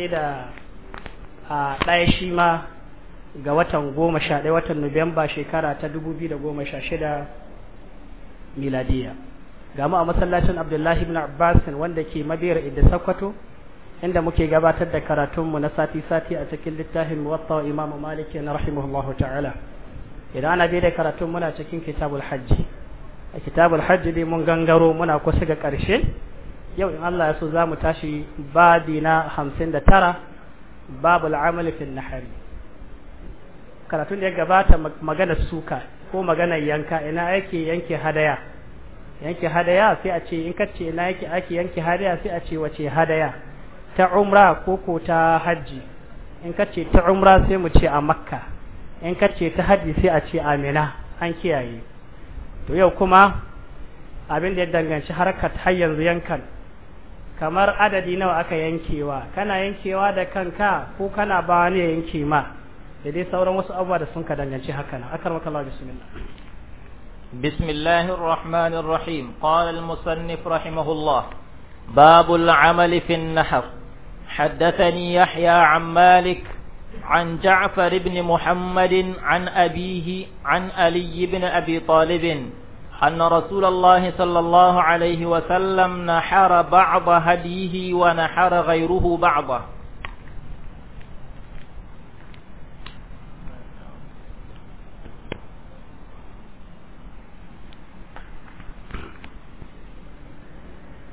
daidai da a ɗaya shi ma ga watan goma sha ɗaya watan nuwamba shekara ta dubu biyu da goma sha shida miladiya mu a masallacin abdullahi ibn abbas wanda ke mabiyar inda sakwato inda muke gabatar da karatunmu na sati-sati a cikin littafin muwatta wa imamu maliki na rahimahullahu ta'ala idan ana biyar da karatun muna cikin kitabul hajji a kitabul hajji dai mun gangaro muna kusa ga ƙarshe yau in Allah ya so za mu tashi babi na hamsin da tara babu al'amali fil hari karatun da ya gabata magana suka ko magana yanka ina aiki yanke hadaya yanke hadaya sai a ce in ina yake yanke hadaya sai a ce wace hadaya ta umra ko ko ta hajji in kace ta umra sai mu ce a makka in kace ta hajji sai a ce a mina an kiyaye to yau kuma abin da ya danganci harkar har yanzu yankan kamar adadi nawa aka yankewa kana yankewa da kanka ko kana ba wani yanke ma da dai sauran wasu abubuwa da sun ka danganci haka nan akar maka Allah bismillah بسم الله الرحمن الرحيم قال المصنف رحمه الله باب العمل في النحر حدثني يحيى عن مالك عن جعفر بن محمد عن أبيه عن علي بن أبي طالب أن رسول الله صلى الله عليه وسلم نحر بعض هديه ونحر غيره بعضه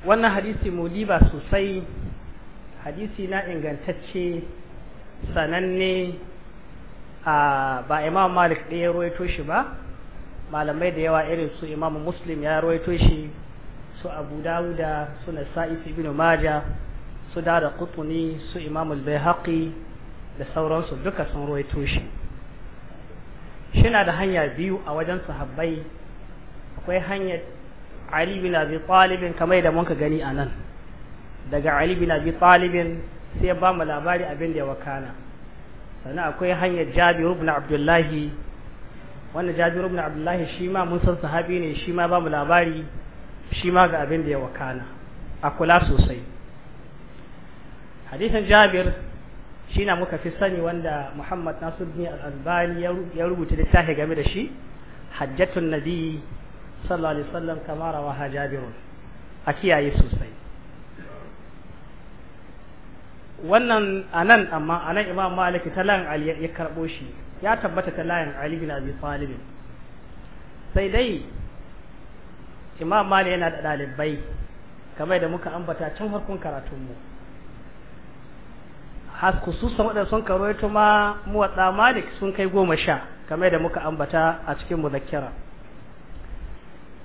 wannan hadisi mudiba sosai hadisi na ingantacce sananne a ba imam malik ɗaya ya shi ba malamai da yawa irin su imamu muslim ya rawaito shi su abu dawuda su nasa'is ibn maja su dada kutuni su imamu bayhaqi da sauransu duka sun rawaito shi shina da hanya biyu a wajen sahabbai akwai hanyar ali bin abi talibin kamar da muka gani a nan daga ali bin abi talibin sai ba mu labari abin da ya wakana sannan akwai hanyar jabiru bin abdullahi wannan jabir ibn abdullahi shi ma mun san sahabi ne shi ma bamu labari shi ma ga abin da ya wakana a kula sosai hadisin jabir shi na muka fi sani wanda muhammad nasiru al-albani ya rubuta littafi game da shi hajjatun nabi sallallahu alaihi wasallam kama rawaha jabirun a kiyaye sosai wannan anan amma anan imam malik talan ali ya karbo shi ya tabbata ta layin Ali bin Abi Talib sai dai Imam Malik yana da dalibai kamar da muka ambata can farkon karatun mu has kususan waɗanda sun karoito ma muwaɗa Malik sun kai goma sha kamar da muka ambata a cikin muzakkara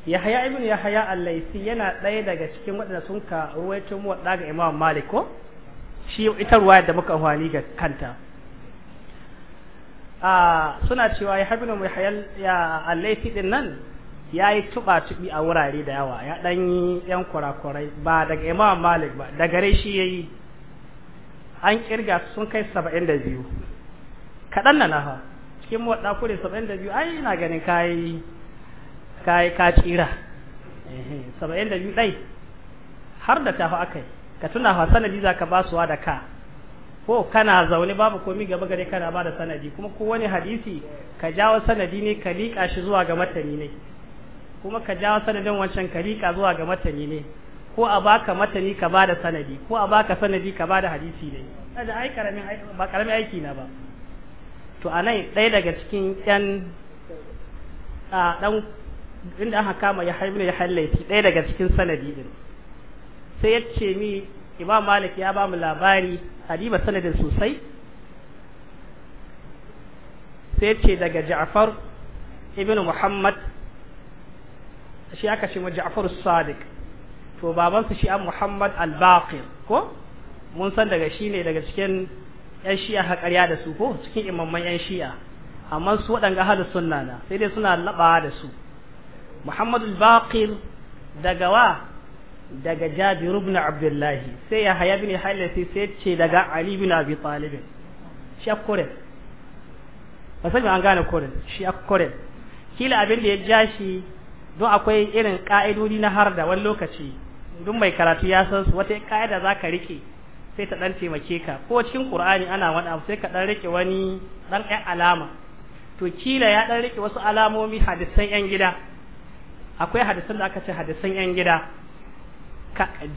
Yahya ibn Yahya al-Laisi yana ɗaya daga cikin waɗanda sun mu muwaɗa ga Imam Malik ko shi ita ruwaya da muka hwani ga kanta Ah, suna cewa ya habinu mai hayal ya alaifi din nan ya yi tuba tubi a wurare da yawa ya ɗan yi yan kurakurai ba daga imam malik ba da gare shi ya yi an kirga sun kai saba'in da biyu kaɗan na nafa cikin wadda kure saba'in da biyu ai ina ganin kayi kayi ka tsira saba'in da biyu ɗai har da tafi akai ka tuna fa sanadi za ka basuwa da ka ko kana zaune babu komi gaba gare kana ba da sanadi kuma ko wani hadisi ka jawo sanadi ne ka liƙa shi zuwa ga matani ne kuma ka jawo sanadin wancan ka liƙa zuwa ga matani ne ko a baka matani ka ba da sanadi ko a baka sanadi ka ba da hadisi ne da ai karamin ba karamin aiki na ba to anan ɗaya daga cikin ƴan a dan inda aka kama ya haibu ya hallaiti ɗaya daga cikin sanadi din sai ya ce mi imam malik ya ba mu labari hadiba sanadin sosai sai ce daga ja'far ibn muhammad shi aka ce ja'far sadiq to babansu shi an muhammad al-baqir ko mun san daga shi ne daga cikin yan shi'a haƙarya da su ko cikin imamman yan shi'a amma su waɗanga ahlus sunna na sai dai suna laɓa da su muhammad al-baqir daga wa daga jabiru ibn Abdullah sai ya haya bin Halisi sai ce daga Ali bin Abi Talib shi akore ba sai an gane kore shi akore kila abin da ya ja shi don akwai irin ka'idodi na har da wani lokaci don mai karatu ya san su wata ka'ida za ka rike sai ta dan taimake ka ko cikin Qur'ani ana wani abu sai ka dan rike wani dan alama to kila ya dan rike wasu alamomi hadisan yan gida akwai hadisan da aka ce hadisan yan gida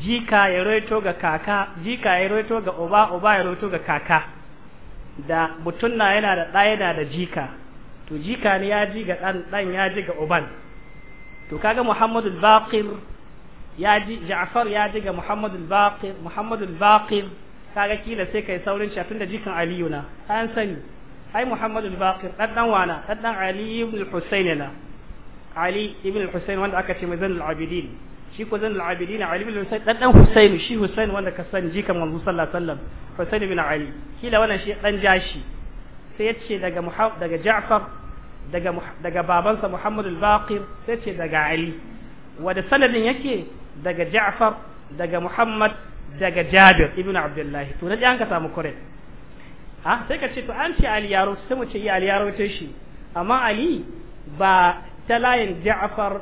jika ya roito ga kaka jika ya roito ga oba oba ya roito ga kaka da mutum na yana da ɗaya yana da jika to jika ne ya ji ga ɗan ɗan ya ji ga oban to kaga muhammadu baqir ya ji ja'far ya ji ga muhammadu baqir muhammadu baqir kaga kila sai kai saurin shafin da jikan aliyu na an sani ai muhammadu baqir ɗan ɗan wana ɗan ɗan ali ibn husayn na ali ibn husayn wanda aka ce mai zanul abidin shi ko zan al ali bin husayn dan dan husayn shi husayn wanda ka san jika manzo sallallahu alaihi wasallam husayn bin ali shi kila wannan shi dan jashi sai yace daga daga ja'far daga daga babansa muhammad al-baqir sai yace daga ali wanda sanadin yake daga ja'far daga muhammad daga jabir ibn abdullahi to na an ka samu kure ha sai ka ce to an ce ali yaro sai mu ce ali yaro ta shi amma ali ba talayin ja'far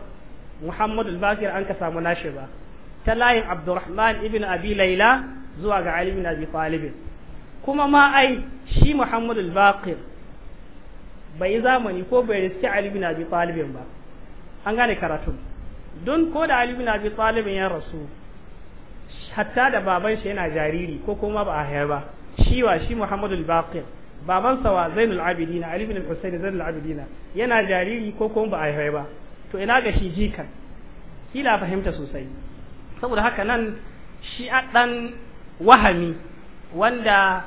Muhammadu Bakir an ka samu nashi ba ta layin Abdurrahman ibn Abi Laila zuwa ga Ali ibn Abi Talib kuma ma ai shi Muhammadu Bakir bai yi zamani ko bai riski Ali ibn Abi Talib ba an gane karatu don ko da Ali ibn Abi Talib ya rasu hatta da baban shi yana jariri ko kuma ba a haya ba shi wa shi Muhammadu baban sa wa Zainul Abidin Ali ibn Husayn Zainul Abidin yana jariri ko kuma ba a haya ba to ina ga shi jikan kila fahimta sosai saboda haka nan shi a ɗan wahami wanda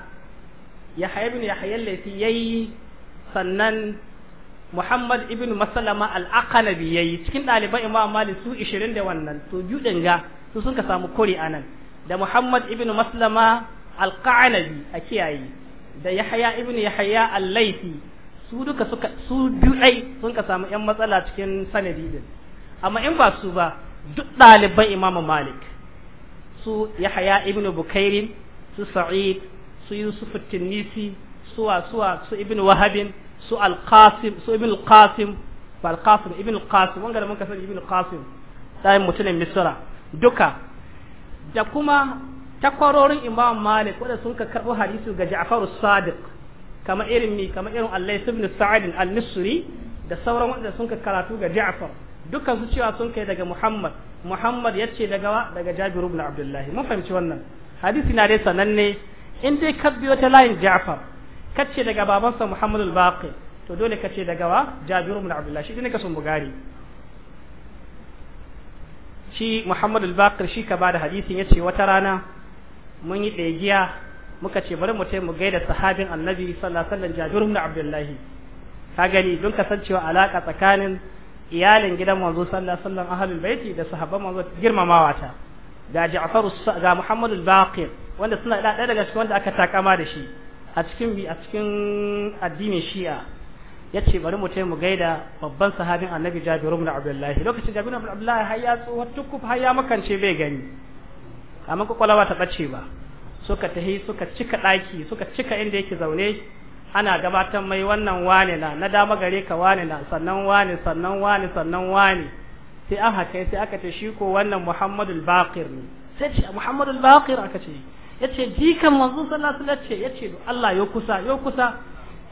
ya ya yahya laifi yayi sannan muhammad ibn masalama al-aqalabi yayi cikin ɗaliban imam malik su 20 da wannan to biyu ga su sun ka samu a nan da muhammad ibn maslama al-qalabi a kiyaye da yahya ibn yahya al-laifi su duka suka su biyu sun ka samu yan matsala cikin sanadi din amma in ba su ba duk ɗaliban Imam Malik su Yahya ibn Bukairin su Sa'id su Yusuf Tunisi su Wasuwa su Ibn Wahabin su Al-Qasim su Ibn Al-Qasim ba Al-Qasim Ibn Al-Qasim wanga da ka sani Ibn Al-Qasim dai mutumin Misra duka da kuma takwarorin Imam Malik wanda sun ka karbo hadisi ga Ja'far Sadiq kama irin mi kama irin Allah ibn Sa'd al-Misri da sauran wanda sun karatu ga Ja'far dukkan su cewa sun kai daga Muhammad Muhammad yace daga wa daga Jabir ibn Abdullah mun fahimci wannan hadisi na dai sananne in dai ka biyo ta layin Ja'far kace daga babansa Muhammad al-Baqi to dole kace daga wa Jabir ibn Abdullah shi ne ka sun Bugari shi Muhammad al baqi shi ka bada hadisin yace wata rana mun yi ɗegiya muka ce bari mu tai mu gaida sahabin annabi sallallahu alaihi wasallam jabir abdullahi ka gani don kasancewa alaka tsakanin iyalin gidan manzo sallallahu alaihi wasallam ahlul baiti da sahabban manzo girmamawa ta da Ja'far ga Muhammad al-Baqir wanda suna da daga cikin wanda aka takama da shi a cikin bi a cikin addinin Shi'a yace bari mu tai mu gaida babban sahabin annabi Jabir ibn Abdullahi lokacin Jabir ibn Abdullahi har ya tsohon tukuf har ya makance bai gani amma kwakwalwa ta bace ba suka tahi suka cika ɗaki suka cika inda yake zaune ana gabatar mai wannan wane na na dama gare ka wane na sannan wane sannan wane sannan wane sai an kai sai aka ta shi ko wannan Muhammadu Baqir ne sai ce Muhammadu Baqir aka ce yace jikan manzo sallallahu alaihi wasallam yace Allah ya kusa ya kusa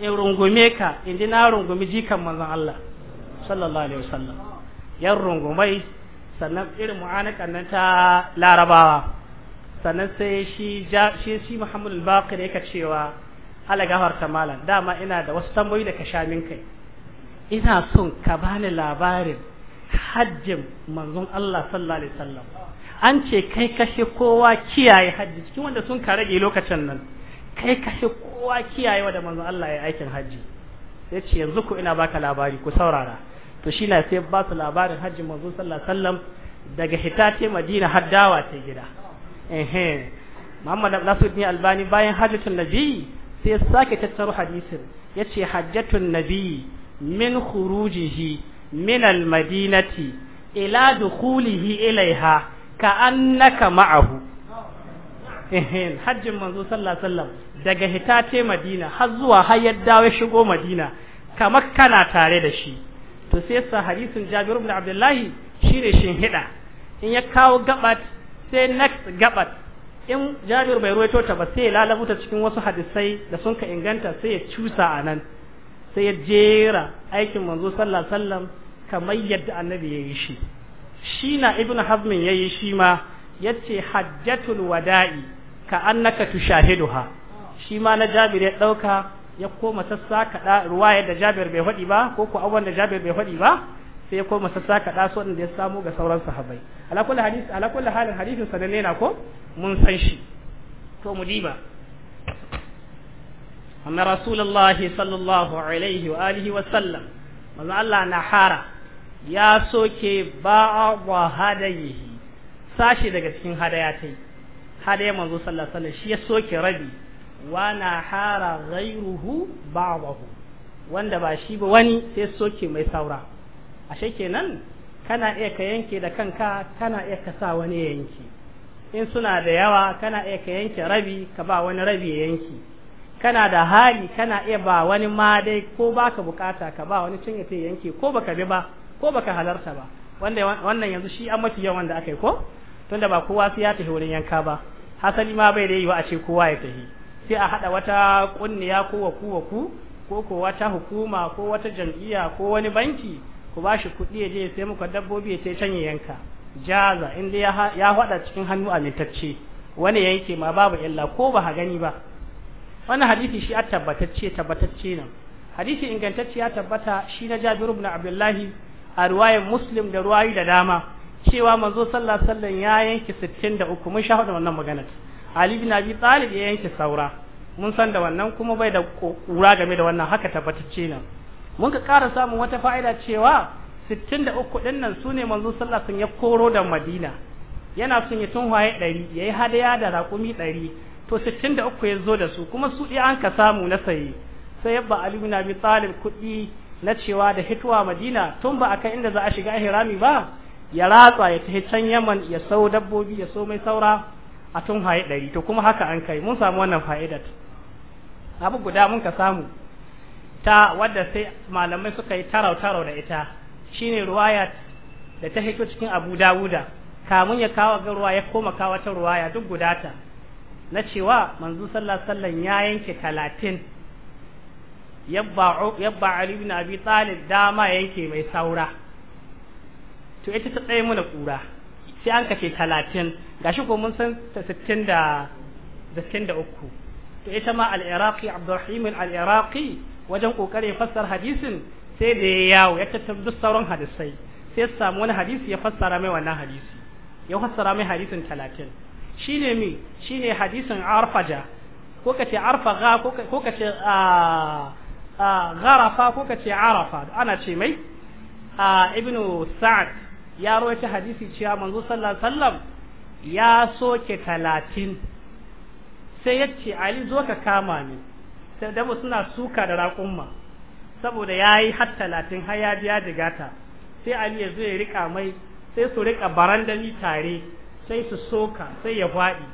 in rungume ka in ji na rungumi jikan manzon Allah sallallahu alaihi wasallam yan rungumai sannan irin mu'anakan nan ta larabawa sannan sai shi ja shi shi Muhammad al-Baqir yake cewa ala gafarta malam dama ina da wasu tambayi da ka sha min kai ina son ka bani labarin hajjin manzon Allah sallallahu alaihi wasallam an ce kai kashe kowa kiyaye hajji cikin wanda sun ka rage lokacin nan kai kashe kowa kiyaye wa da manzon Allah ya aikin hajji ya ce yanzu ku ina baka labari ku saurara to shi na sai ba su labarin hajjin manzon sallallahu alaihi wasallam daga hita Madina har dawa ta gida ehe Muhammad ne Albani bayan hajjatun nabi sai ya sake tattaro hadisin yace hajjatun nabi min khurujihi min almadinati ila dukhulihi ilaiha ka annaka ma'ahu ehe hajjin manzo sallallahu alaihi daga hitace Madina har zuwa har ya dawo shigo Madina kamar kana tare da shi to sai sa hadisin Jabir ibn Abdullah shine shin hida in ya kawo gabat sai next gabat in jabir bai ruwaito ta ba sai ya lalabuta cikin wasu hadisai da sun ka inganta sai ya cusa a nan sai ya jera aikin manzo sallallahu alaihi wasallam kamar yadda annabi yayi shi shi na ibnu hazmin yayi yi shi ma yace hajjatul wada'i ka annaka tushahiduha shi ma na jabir ya dauka ya koma sassa kada ruwaya da jabir bai faɗi ba ko ko abubuwan da jabir bai faɗi ba sai ya koma sassaka da so da ya samu ga sauran sahabbai ala kulli hadisi ala kulli halin hadisin sanan ne na ko mun san shi to mu diba amma rasulullahi sallallahu alaihi wa alihi wa sallam manzo Allah na hara ya soke ba'a wa hadayi sashi daga cikin hadaya tai hadaya manzo sallallahu alaihi wasallam shi ya soke rabi wa na hara ghayruhu ba'dahu wanda ba shi ba wani sai soke mai saura ashe kenan kana iya ka yanke da kanka kana iya ka sa wani yanki in suna da yawa kana iya ka yanke rabi ka ba wani rabi ya yanki kana da hali kana iya ba wani ma dai ko baka bukata ka ba wani cin ya yanke ko baka bi ba ko baka halarta ba wanda wannan yanzu shi an mafi yawan da aka yi ko tunda ba kowa sai ya tafi wurin yanka ba hasali ma bai da yiwa a ce kowa ya tafi sai a hada wata kunniya ko wa ku wa ku ko ko wata hukuma ko wata jam'iyya ko wani banki ku ba shi kuɗi ya je ya sai muka dabbobi ya ta can yanka jaza in dai ya haɗa cikin hannu a amintacce wani yanke ma babu illa ko ba ha gani ba wannan hadisi shi a tabbatacce tabbatacce nan hadisi ingantacce ya tabbata shi na jabiru ibn Abdullahi a ruwayar Muslim da ruwayi da dama cewa manzo sallallahu alaihi wasallam ya yanke 63 mun shahada wannan magana Ali ibn Abi Talib ya yanke saura mun san da wannan kuma bai da kura game da wannan haka tabbatacce nan mun ka ƙara samun wata fa'ida cewa sittin 63 ɗin nan ne manzo sallallahu alaihi ya koro da Madina yana son ya ɗari 100 yayi hadaya da raƙumi ɗari to sittin da uku ya zo da su kuma su ɗaya an ka samu na saye sai yabba Ali bin Abi Talib kuɗi na cewa da hituwa Madina tun ba a kai inda za a shiga ihrami ba ya ratsa ya tafi can Yaman ya sau dabbobi ya so mai saura a waye 100 to kuma haka an kai mun samu wannan fa'idar abu guda mun ka samu ta wadda sai malamai suka yi tarau tarau da ita shi ne ruwaya da ta hito cikin Abu Dawuda kamun ya kawo ga ruwaya koma kawo ta ruwaya duk gudata na cewa manzu sallallahu alaihi ya yanke talatin yabba yabba Ali Abi Talib dama yanke mai saura to ita ta tsaye mana kura sai an kace talatin ga ko mun san ta sittin da uku to ita ma al-Iraqi Abdurrahim al-Iraqi wajen kokarin fassara hadisin sai da ya yawo ya tattar duk sauran hadisai sai ya samu wani hadisi ya fassara mai wannan hadisi ya fassara mai hadisin talatin shi ne mi ne hadisin arfaja ko kace arfaga ko kace a gharafa ko kace arafa ana ce mai ibnu sa'ad ya rawaita hadisi cewa manzo sallallahu alaihi wasallam ya soke 30 sai yace ali zo ka kama ni sai dama suna suka da raƙumma saboda ya yi har talatin har ya biya jigata sai Ali ya zo ya riƙa mai sai su riƙa barandami tare sai su soka sai ya faɗi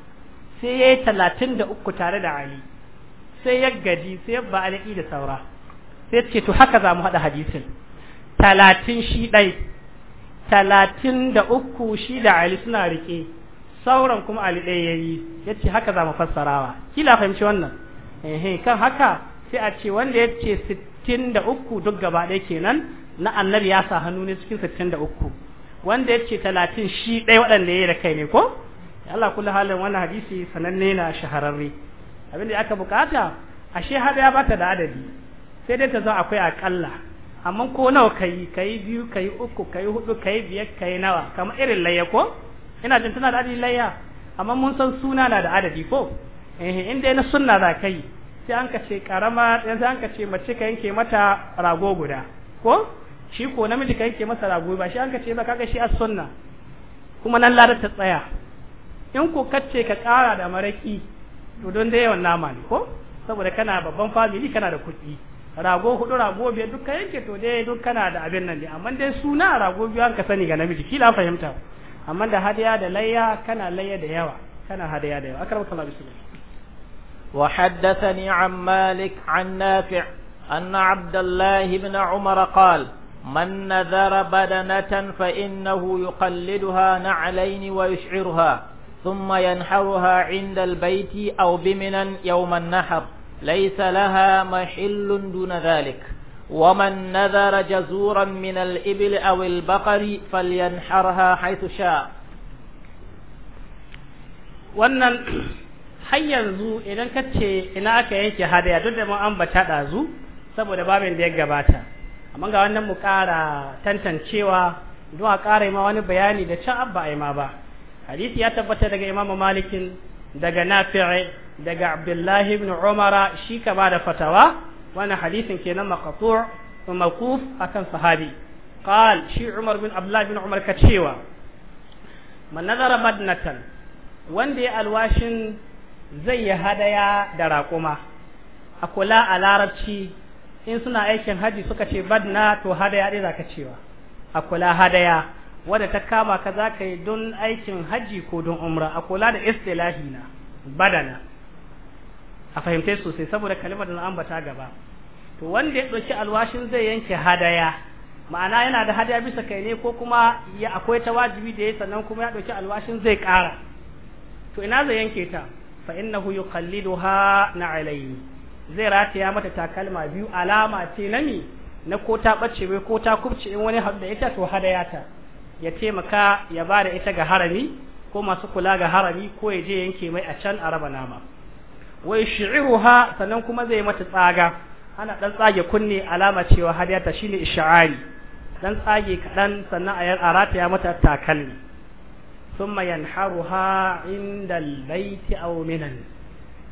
sai ya yi talatin da uku tare da Ali sai ya gaji sai ya ba da saura sai ce to haka za mu haɗa hadisin talatin shi ɗai talatin da uku shi da Ali suna riƙe sauran kuma Ali ɗaya ya yi ya ce haka za mu fassarawa kila fahimci wannan kan haka sai a ce wanda ya ce uku duk gaba ɗaya kenan na annabi ya sa hannu ne cikin 63 wanda ya ce 30 shi ɗaya waɗanda ya yi da kai ne ko Allah kullu halin wannan hadisi sananne na shahararre abin da aka bukata ashe har ya bata da adadi sai dai ta zo akwai akalla amma ko nawa kai kai biyu kai uku kai hudu kai biyar kai nawa kamar irin layya ko ina jin tana da adadi layya amma mun san suna na da adadi ko eh inda na sunna za ka yi sai an ka ce karama sai an ka mace ka yanke mata rago guda ko shi ko namiji ka yanke masa rago ba shi an ka ba kaga shi as sunna kuma nan ladar ta tsaya in ko kace ka kara da maraki to don dai yawan nama ne ko saboda kana babban family kana da kuɗi rago hudu rago biyar duk ka yanke to dai duk kana da abin nan ne amma dai suna rago biyu an ka sani ga namiji kila fahimta amma da hadiya da layya kana layya da yawa kana hadiya da yawa Allah bismillah وحدثني عن مالك عن نافع أن عبد الله بن عمر قال من نذر بدنة فإنه يقلدها نعلين ويشعرها ثم ينحرها عند البيت أو بمنا يوم النحر ليس لها محل دون ذلك ومن نذر جزورا من الإبل أو البقر فلينحرها حيث شاء وأن har yanzu idan ka ce ina aka yanke hadaya duk da mun ambata ɗazu saboda babin da ya gabata amma ga wannan mu ƙara tantancewa zuwa ƙara ma wani bayani da can abba ai ma ba hadisi ya tabbata daga Imam malikin daga nafi'i daga abdullahi ibn umara shi ba da fatawa wannan hadisin kenan maqtu' mawquf akan sahabi qal shi umar bin abdullahi bin umar ka cewa man nazara madnatan wanda ya alwashin zai yi hadaya da raƙuma a kula a larabci in suna aikin haji suka ce badna to hadaya ɗaya zaka cewa a kula hadaya wadda ta kama ka za ka yi don aikin haji ko don umra a kula da istilahi na badana a fahimtai sosai saboda kalimar da na ambata gaba to wanda ya ɗauki alwashin zai yanke hadaya ma'ana yana da hadaya bisa kai ne ko kuma akwai ta wajibi da ya sannan kuma ya ɗauki alwashin zai ƙara to ina zai yanke ta fa kalli doha na alayhi zai rataya mata takalma biyu alama ce na mi na ko ta bace bai ko ta kubce in wani da ita to hadaya ta ya taimaka ya ba da ita ga harami ko masu kula ga harami ko ya je yanke mai a can a raba nama wai ha sannan kuma zai mata tsaga ana ɗan tsage kunne alama cewa hadaya ta shine isha'ari dan tsage kaɗan sannan a rataya mata takalmi thumma yanharuha inda albayti aw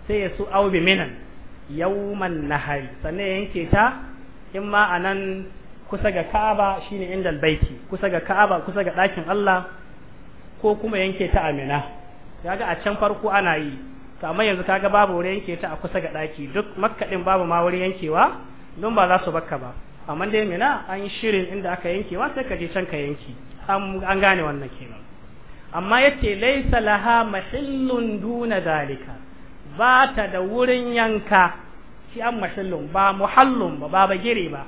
sai su aw bi minan yawman nahari sannan yanke ta in ma anan kusa ga Ka'aba shine inda albayti kusa ga Ka'aba kusa ga ɗakin Allah ko kuma yanke ta Amina kaga a can farko ana yi to amma yanzu kaga babu wurin yanke ta a kusa ga ɗaki duk makaɗin babu ma wurin yankewa don ba za su bakka ba amma dai Minna an shirin inda aka yankewa sai ka je can ka yanki an gane wannan kenan amma yace laysa laha mahillun duna zalika ba ta da wurin yanka shi an mahillun ba muhallun ba ba bagire ba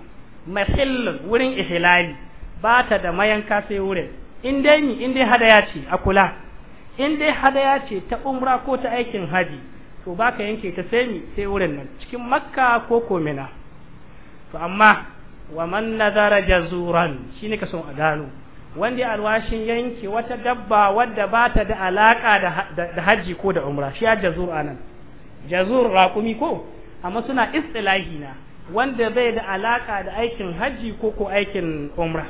mahillun wurin ihlali ba ta da mayanka sai wurin in dai ni in dai hadaya ce a kula in dai hadaya ce ta umra ko ta aikin haji to baka yanke ta sai ni sai wurin nan cikin makka ko komina to amma wa man nazara jazuran shine ka son a gano wanda alwashin yanke wata dabba wadda ba ta da alaƙa da hajji ko da umra shi ya jazur anan jazur raƙumi ko amma suna istilahi na wanda bai da alaƙa da aikin hajji ko ko aikin umra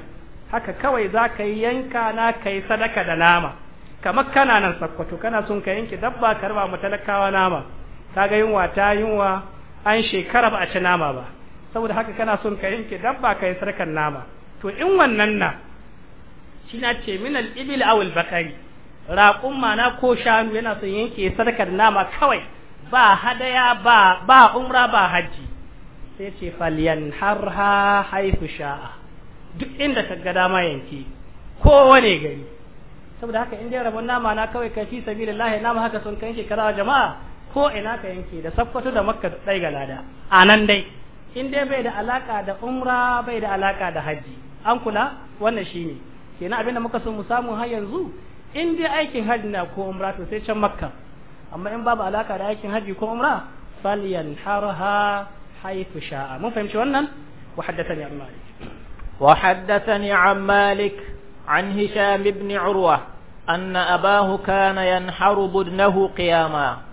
haka kawai za ka yi yanka na ka sadaka da nama kamar kana nan sakwato kana sun ka yanke dabba ka raba mu talakawa nama ka ga yunwa ta yunwa an shekara ba a ci nama ba saboda haka kana sun ka yanke dabba ka yi sadakan nama to in wannan na shi na ce min al-ibil aw al-bakari raƙun mana ko shanu yana son yanke sarkar nama kawai ba hadaya ba ba umra ba hajji sai ce falyan harha haifu sha'a duk inda ka ga dama yanke ko wane gari saboda haka in dai rabon nama na kawai ka fi sabilillahi nama haka sun kan shekara jama'a ko ina ka yanke da sakkwato da makka dai ga lada a nan dai in bai da alaka da umra bai da alaka da hajji an kula wannan shine kenan abinda muka so mu samu har yanzu in dai aikin hajji na ko umra to sai can makka amma in babu alaka da aikin hajji ko umra fal falyanharha haythu sha'a mun fahimci wannan wa haddathani an malik wa haddathani an malik an hisham ibn urwa anna abahu kana yanharu budnahu قياما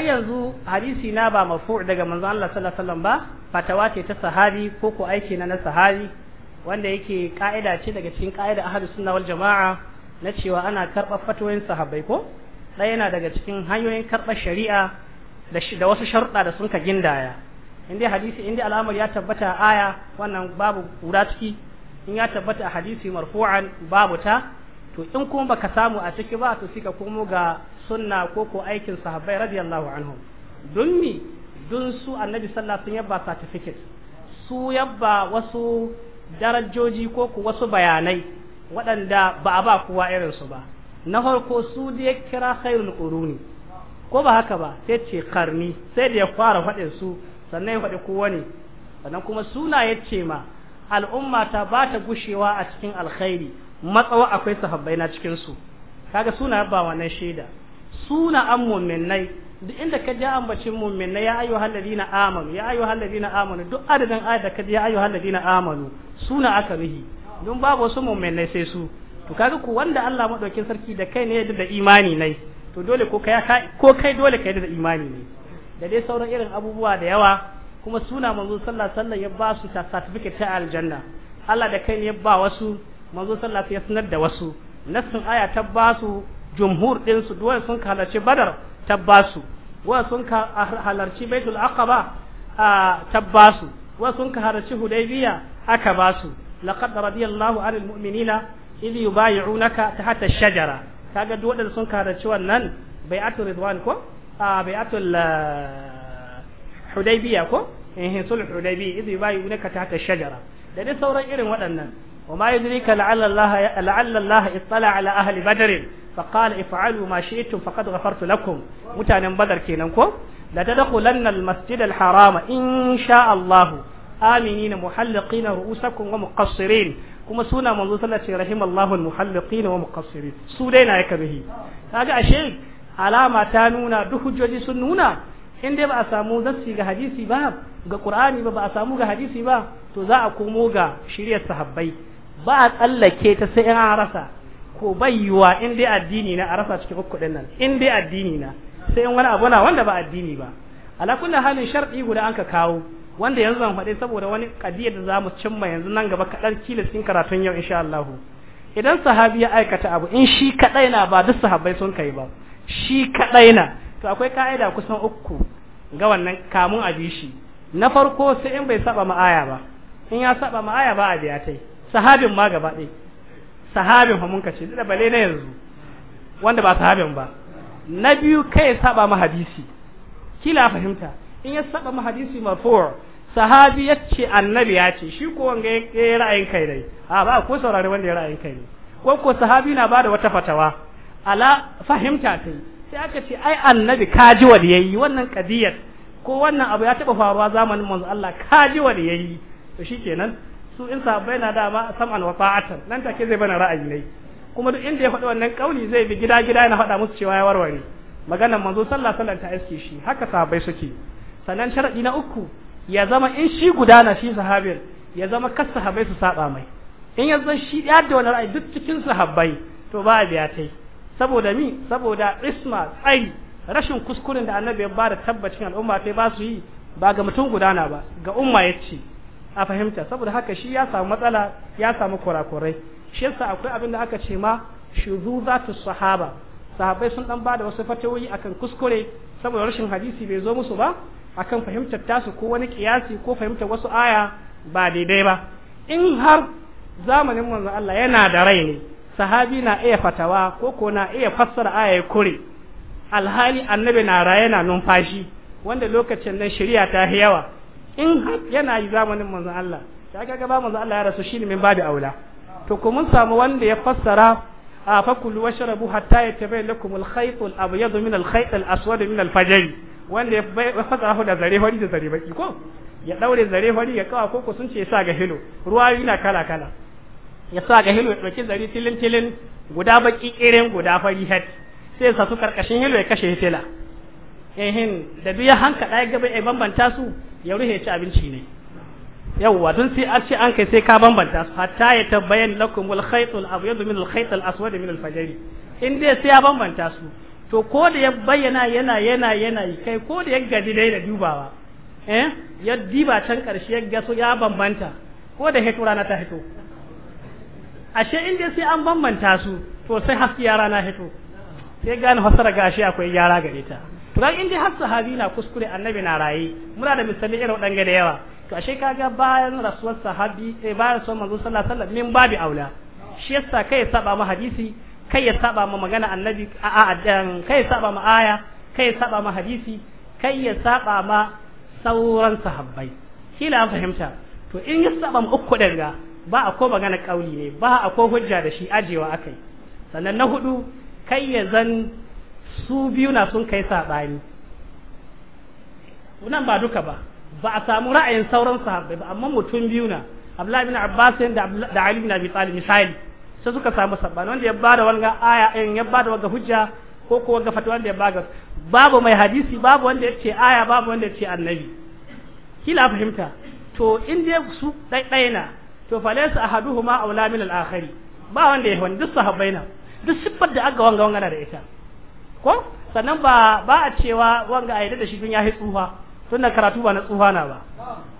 har yanzu hadisi na ba mafu daga manzo Allah sallallahu alaihi wasallam ba fatawa ce ta sahabi ko ko aiki na na sahabi wanda yake ka'ida ce daga cikin ka'ida ahli sunna wal jamaa na cewa ana karɓar fatoyin sahabbai ko ɗaya yana daga cikin hanyoyin karɓar shari'a da wasu sharuɗa da sun ka gindaya in dai hadisi in al'amari ya tabbata aya wannan babu kura ciki in ya tabbata hadisi marfu'an babu ta to in kuma baka samu a ciki ba to sika komo ga sunna ko ko aikin sahabbai radiyallahu anhu don mi don su annabi sallallahu alaihi yabba certificate su yabba wasu darajoji ko ko wasu bayanai waɗanda ba a ba kowa irin su ba na farko su da ya kira khairul quruni ko ba haka ba sai ce karni sai da ya fara faɗin su sannan ya faɗi kowa ne sannan kuma suna ya ce ma al'umma ta ba ta gushewa a cikin alkhairi matsawa akwai sahabbai na cikin su kaga suna ba wannan shaida suna an mu'minnai duk inda ka ji ambacin mu'minnai ya ayyuhal ladina amanu ya ayyuhal ladina amanu duk adadin ayat da ka ji ya ayyuhal ladina amanu suna aka rihi don babu wasu mu'minnai sai su to kaga ku wanda Allah madaukin sarki da kai ne ya da imani nai to dole ko kai ka ko kai dole kai da imani ne da dai sauran irin abubuwa da yawa kuma suna manzo sallallahu alaihi wasallam ya ba su ta certificate ta aljanna Allah da kai ne ya ba wasu manzo sallallahu alaihi wasallam ya sanar da wasu nasin aya ta ba su jumhur din su duwan sun halarci badar tabbasu wa sun ka halarci baitul aqaba a tabbasu wa sun ka halarci hudaybiya aka basu laqad radiyallahu anil mu'minina idh yubay'unaka tahta ash-shajara kaga duk wadanda sun halarci wannan bai'atul ridwan ko a bai'atul eh, hudaybiya ko eh sulh hudaybiya idh yubay'unaka tahta ash-shajara da dai sauran irin waɗannan وما يدريك لعل الله لعل الله اطلع على اهل بدر فقال افعلوا ما شئتم فقد غفرت لكم متانن بدر kenan ko la tadkhulanna almasjid alharam in sha Allah aminin muhalliqin ru'usakum wa muqassirin kuma suna manzo sallallahu rahimallahu almuhalliqin wa muqassirin su dai na yake bihi kaga ashe alama ta nuna sun nuna in dai ba a samu zassi ga hadisi ba ga qur'ani ba ba a samu ga hadisi ba to za a komo ga shiryar sahabbai ba a tsallake ta sai an rasa ko bai yiwa in dai addini na a rasa cikin uku nan in dai addini na sai in wani abu na wanda ba addini ba ala halin sharɗi guda an ka kawo wanda yanzu zan faɗi saboda wani kadiyar da zamu cimma yanzu nan gaba kaɗan kila cikin karatun yau insha Allah idan sahabi ya aikata abu in shi kaɗai na ba duk sahabbai sun kai ba shi kaɗai na to akwai ka'ida kusan uku ga wannan kamun abi na farko sai in bai saba ma'aya ba in ya saba ma'aya ba a biya tai sahabin ma gaba ɗaya sahabin fa mun kace da bale na yanzu wanda ba sahabin ba na biyu kai ya saba ma hadisi kila fahimta in ya saba ma hadisi marfu' sahabi ya ce annabi ya ce shi ko wanga ya ra'ayin kai dai a ba ko saurari wanda ya ra'ayin kai ne ko ko sahabi na bada wata fatawa ala fahimta ta sai aka ce ai annabi kaji ya yayi wannan kadiyar ko wannan abu ya taba faruwa zamanin manzo Allah kaji ya yayi to shikenan su in sahabbai na dama sam'an wa ta'atan nan take zai bana ra'ayi ne kuma duk inda ya faɗi wannan kauli zai bi gida gida yana faɗa musu cewa ya warware maganar manzo sallah sallah ta iske shi haka sahabbai suke sannan sharadi na uku ya zama in shi gudana shi sahabin ya zama kas sahabbai su saba mai in ya zan shi ya da wani ra'ayi duk cikin sahabbai to ba a biya tai saboda mi saboda isma tsari rashin kuskuren da annabi ya bada tabbacin al'umma tai ba su yi ba ga mutum gudana ba ga umma ya ce. a fahimta saboda haka shi ya samu matsala ya samu kurakurai shi yasa akwai abin da aka ce ma ta sahaba sahabai sun dan bada wasu fatawoyi akan kuskure saboda rashin hadisi bai zo musu ba akan fahimtar tasu ko wani kiyasi ko fahimtar wasu aya ba daidai ba in har zamanin manzon Allah yana da rai ne sahabi na iya fatawa ko ko na iya fassara aya ya kure alhali annabi na raye na numfashi wanda lokacin nan shari'a ta yawa in yana yi zamanin manzon Allah ta kaga ba manzon Allah ya rasu shine min ba da aula to ko mun samu wanda ya fassara a fakulu washrabu hatta yatabayyana lakum al-khayt al-abyad min al-khayt al-aswad min al-fajr wanda ya fassara hu da zare hori da zare baki ko ya daure zare hori ya kawa koko sun ce ya sa ga hilo ruwa yana kala kala ya sa ga hilo ya dauki zare tilin tilin guda baki irin guda fari hat sai sa su karkashin hilo ya kashe hitila ehin da duk ya hanka ɗaya gaba ya bambanta su ya ruhe ci abinci ne yawwa don sai an ce an kai sai ka bambanta su hatta ya tabbayan lakum wal khaytul abyadu min al khaytil aswad min al fajri in dai sai ya bambanta su to ko da ya bayyana yana yana yana kai ko da ya gaji dai da dubawa eh ya diba can karshe ya ga so ya bambanta ko da hito rana ta hito ashe in dai sai an bambanta su to sai haske yara na hito sai gane fasara gashi akwai yara gare ta to dan inda har sahabi na kuskure annabi na raye muna da misali irin wadanga da yawa to ashe kaga bayan rasuwar sahabi eh bayan rasuwar manzo sallallahu alaihi wasallam min babi aula shi yasa kai ya saba ma hadisi kai ya saba ma magana annabi a a kai ya saba ma aya kai ya saba ma hadisi kai ya saba ma sauran sahabbai kila an fahimta to in ya saba ma uku danga ba a ko magana kauli ne ba a ko hujja da shi ajewa akai sannan na hudu kai ya zan su biyu na sun kai saɓani nan ba duka ba ba a samu ra'ayin sauran sahabbai ba amma mutum biyu na Abdullahi bin Abbas da Ali bin Abi Talib misali sai suka samu saɓani wanda ya bada wanga aya in eh, ya bada wanga hujja ko ko wanga fatwa wanda ya baga babu mai hadisi babu wanda ya ce aya babu wanda ya ce annabi kila fahimta to in dai su ɗaiɗai na to falaysa ahaduhuma aula min al-akhari ba wanda ya wani duk sahabbai na duk siffar da aka wanga wanga na da ita ko sannan ba ba a cewa wanga a da shi tun ya yi tsufa tun karatu ba na tsufa na ba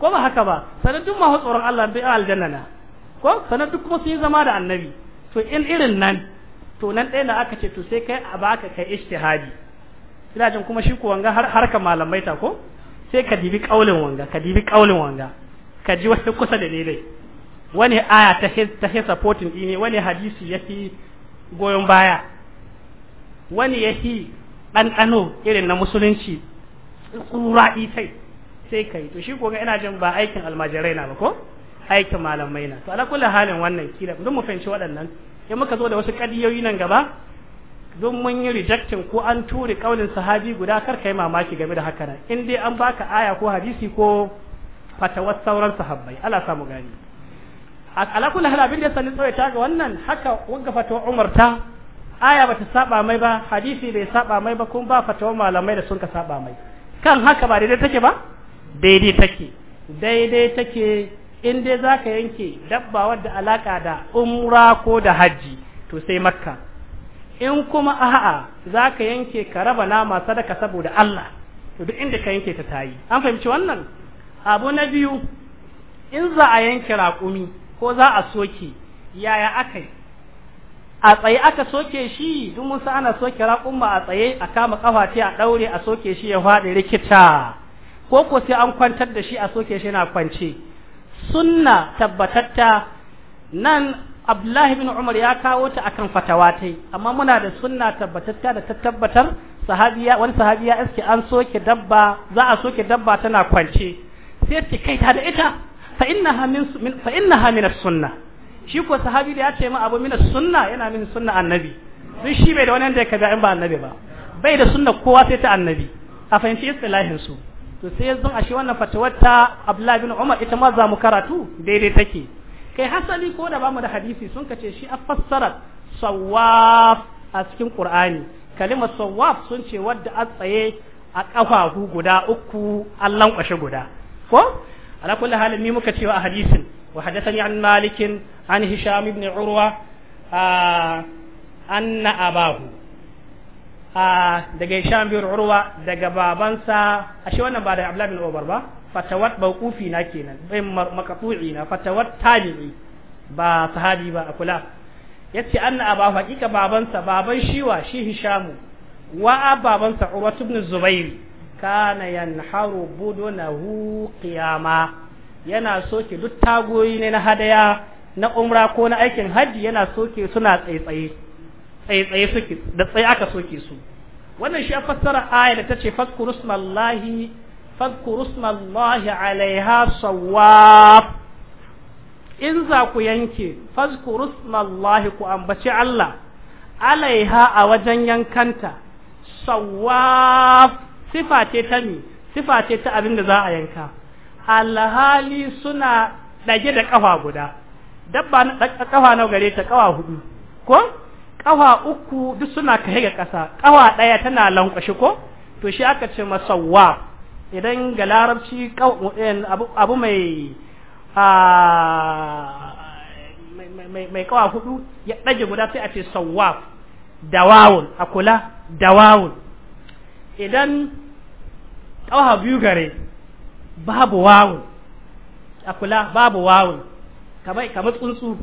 ko ba haka ba sannan duk masu tsoron Allah bai aljanna na ko sannan duk kuma sun yi zama da annabi to in irin nan to nan ɗaya da aka ce to sai kai a baka kai ishtihadi ina jin kuma shi ko wanga har harka malamai ta ko sai ka dibi kaulin wanga ka dibi kaulin wanga ka ji wani kusa da ne dai wani aya ta ta supporting ne wani hadisi yafi goyon baya wani ya fi ɗanɗano irin na musulunci tsura itai sai kai to shi koga ina jin ba aikin almajirai na ba ko aikin malamai na to ala halin wannan kila don mu fahimci waɗannan in muka zo da wasu ƙadiyoyi nan gaba don mun yi rejectin ko an ture kaulin sahabi guda kar ka yi mamaki game da haka in dai an baka aya ko hadisi ko fatawar sauran sahabbai ala samu gani ala kulli abin da ya sani tsawaita ta ga wannan haka wanga fatawar umarta aya bata saba mai ba hadisi bai saba mai ba kuma ba fatawa malamai da sun ka saba mai kan haka ba daidai take ba daidai take daidai take in dai zaka yanke dabba wadda alaka da umra ko da hajji to sai makka in kuma a'a zaka yanke ka raba nama sadaka saboda Allah to duk inda ka yanke ta tayi an fahimci wannan abu na biyu in za a yanke raƙumi ko za a soke yaya akai a tsaye aka soke shi duk mun ana soke raƙumma a tsaye a kama kafa ce a daure a soke shi ya faɗi rikita ko ko sai an kwantar da shi a soke shi na kwance sunna tabbatatta nan Abdullahi bin Umar ya kawo ta akan fatawa tai amma muna da sunna tabbatatta da ta tabbatar sahabiya wani sahabiya iske an soke dabba za a soke dabba tana kwance sai ta kai ta da ita fa innaha min fa innaha min as-sunnah shi ko sahabi da ya ce min abu mina sunna yana min sunna annabi duk shi bai da wani da ya kaza in ba annabi ba bai da sunna kowa sai ta annabi a fahimci istilahin su to sai yanzu wannan fatawar ta Abdullah bin Umar ita ma za mu karatu daidai take kai hasali ko da bamu da hadisi sun kace shi a fassara sawaf a cikin Qur'ani kalimar sawaf sun ce wadda a tsaye a kafafu guda uku Allah kwashe guda ko ala kulli halin ni muka cewa a hadisin وحدثني عن مالك عن هشام بن عروة آه أن أباه daga hisham bin daga babansa ashe wannan ba da abla bin obar ba fatawat ba kufi na kenan bai makatu'i na fatawat tabi'i ba sahadi ba a kula yace anna aba hakika babansa baban shiwa shi hishamu wa babansa urwa ibn zubair kana yanharu budunahu qiyama yana soke duk tagoyi ne na hadaya na umra ko na aikin hajji yana soke suna tsaitsaye tsaitsaye suke da tsaye aka soke su wannan shi fassara aya da tace fadkuru smallahi fadkuru smallahi alaiha sawab in za ku yanke fadkuru smallahi ku ambaci Allah alaiha a wajen yankanta sawab sifa ce ta mi sifa ce ta abin da za a yanka alhali suna ɗage da kafa guda dabba na kafa nawa gare ta kafa hudu ko kafa uku duk suna kai ga ƙasa ƙawa ɗaya tana lankwashe ko to shi aka ce masawwa idan ga larabci eh, abu mai mai kawa hudu ya ɗage guda sai a ce sawwaf dawawun a kula dawawun idan kawa biyu gare babu wawun a kula babu wawun kamar kamar tsuntsu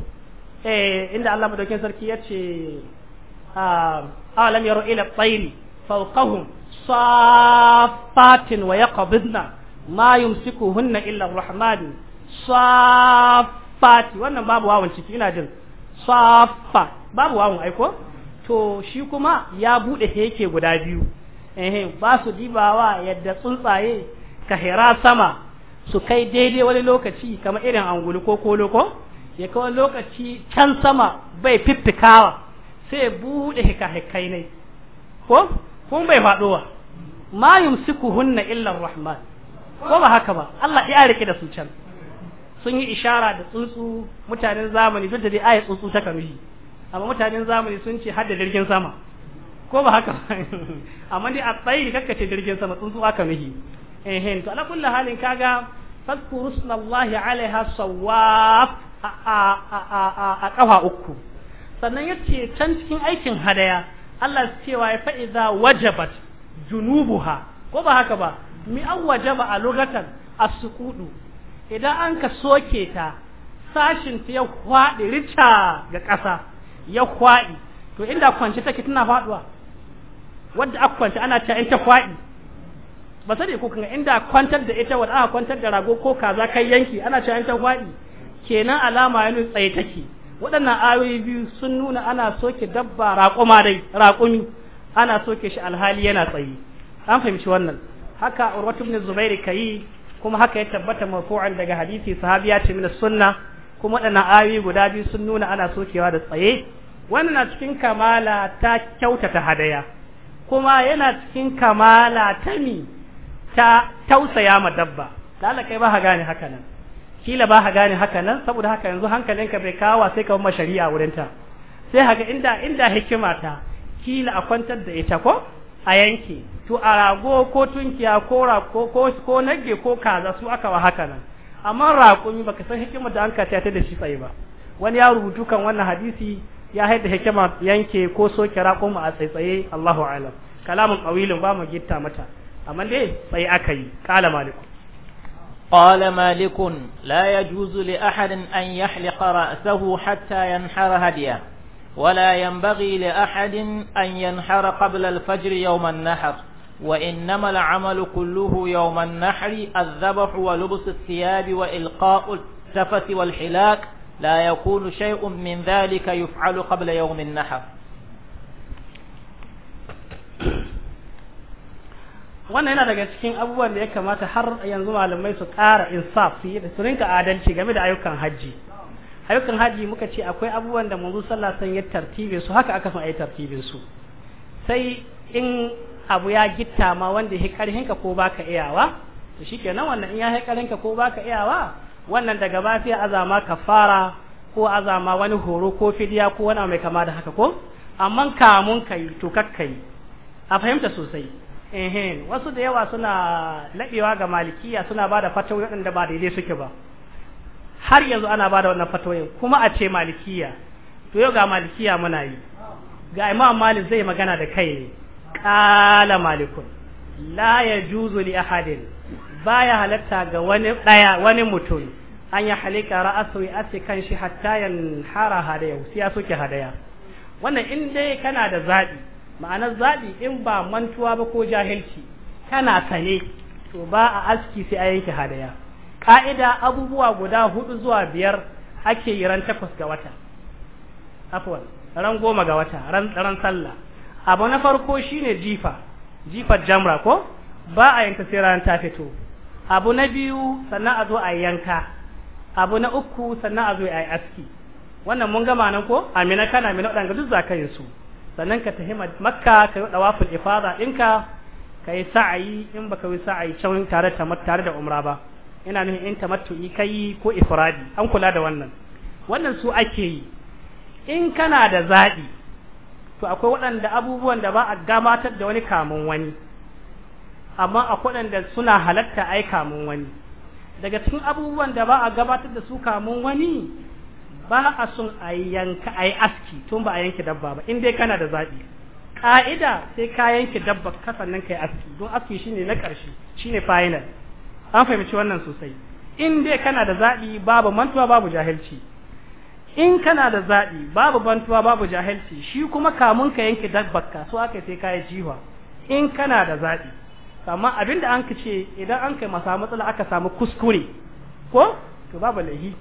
eh inda Allah madaukin sarki ya ce ah, alam yaro ila tsairi fawqahum safatin wa yaqbidna ma yumsikuhunna illa rahman wannan babu wawun ciki ina jin safa babu wawun aiko to shi kuma ya bude yake guda biyu eh ba su dibawa yadda tsuntsaye ka hira sama su kai daidai wani lokaci kamar irin angulu ko kolo ko ya kawo lokaci can sama bai fiffikawa sai ya buɗe hikahikai ne ko kuma bai faɗowa ma hunna illar rahman ko ba haka ba Allah ya rike da su can sun yi ishara da tsuntsu mutanen zamani duk da dai ayi tsuntsu ta karuhi amma mutanen zamani sun ce hadda jirgin sama ko ba haka amma dai a tsayi kakkace jirgin sama tsuntsu aka nuhi Eh, eh to ala kulli halin kaga fadhkuru smallahi alaiha sawaf a kafa uku sannan yace can cikin aikin hadaya Allah ya wa ya fa'iza wajabat junubuha ko ba haka ba mi an wajaba a lugatan as idan an ka soke ta sashin ta ya kwadi rica ga ƙasa ya kwadi to inda kwanci take tana faɗuwa wadda aka ana ta in ta kwaɗi ba sani ko kuma inda kwantar da ita wadda aka kwantar da rago ko kaza kai yanki ana cewa ta gwaɗi kenan alama yana tsaye take waɗannan ayoyi biyu sun nuna ana soke dabba raƙuma dai raƙumi ana soke shi alhali yana tsaye an fahimci wannan haka urwatu ibn zubair kai kuma haka ya tabbata marfu'an daga hadisi sahabiya ce min sunna kuma waɗannan ayoyi guda biyu sun nuna ana sokewa da tsaye wannan na cikin kamala ta kyautata hadaya kuma yana cikin kamala ta mi ta tausaya ma dabba lalla kai ba ka gane haka kila ba ka gane haka saboda haka yanzu hankalinka bai kawo sai ka ma shari'a wurin ta sai haka inda inda hikima ta kila a kwantar da ita ko a yanke to a rago ko tunkiya ko rako ko ko nage ko kaza su aka wa hakanan nan amma raƙumi baka san hikima da an ka ta da shi tsaye ba wani ya rubutu kan wannan hadisi ya haida hikima yanke ko soke raƙumi a tsaitsaye Allahu a'lam kalamin qawilin ba mu gitta mata amma dai سي أكي قال مالك قال مالك لا يجوز لأحد أن يحلق رأسه حتى ينحر هديه ولا ينبغي لأحد أن ينحر قبل الفجر يوم النحر وإنما العمل كله يوم النحر الذبح ولبس الثياب وإلقاء السفة والحلاك لا يكون شيء من ذلك يفعل قبل يوم النحر wannan yana daga cikin abubuwan da ya kamata har yanzu malamai su ƙara insaf su su rinka adalci game da ayyukan hajji ayyukan hajji muka ce akwai abubuwan da manzo sallah san ya tartibe su haka aka son ayi tartibin su sai in abu ya gitta ma wanda ya ka ko baka iyawa to shikenan wannan in ya karhin ka ko baka iyawa wannan daga ba sai azama kafara ko azama wani horo ko fidiya ko wani mai kama da haka ko amma kamun kai to kakkai a fahimta sosai Ehin wasu da yawa suna labewa ga malikiya suna bada fatawa waɗanda ba daidai suke ba har yanzu ana bada wannan fatawoyin kuma a ce malikiya to yau ga malikiya muna yi ga imam malik zai magana da kai ne qala malikun la yajuzu li ahadin baya halatta ga wani daya wani mutum an ya halika ra'asu ya ce kan shi hatta yan hara hadaya sai ya soke hadaya wannan in dai kana da zabi ma'anar zaɓi in ba mantuwa ba ko jahilci kana sane to ba a aski sai a yanke hadaya ka'ida abubuwa guda hudu zuwa biyar ake yi ran takwas ga wata afwan ran goma ga wata ran ran sallah abu na farko shine jifa jifar jamra ko ba a yanka sai ran ta fito abu na biyu sannan a zo a yanka abu na uku sannan a zo a yi aski wannan mun gama nan ko amina kana amina wadanda duk za ka yi su sannan ka tafi makka ka yi dawaful ifada ɗinka ka yi sa'ayi in ba ka yi sa'ayi can tare ta tare da umra ba ina nufin in ka yi ko ifradi an kula da wannan wannan su ake yi in kana da zaɗi to akwai waɗanda abubuwan da ba a gabatar da wani kamun wani amma akwai waɗanda suna halatta ai kamun wani daga cikin abubuwan da ba a gabatar da su kamun wani ba a son a yi yanka a yi aski tun ba a yanke dabba ba in dai kana da zaɓi ƙa'ida sai ka yanke dabba ka nan ka yi aski don aski shine na ƙarshe shine final an fahimci wannan sosai in dai kana da zaɓi babu mantuwa babu jahilci in kana da zaɓi babu bantuwa babu jahilci shi kuma kamun ka yanke dabba ka so aka sai ka yi jiwa in kana da zaɓi amma abin da an ka ce idan an kai masa matsala aka samu kuskure ko to babu lahi.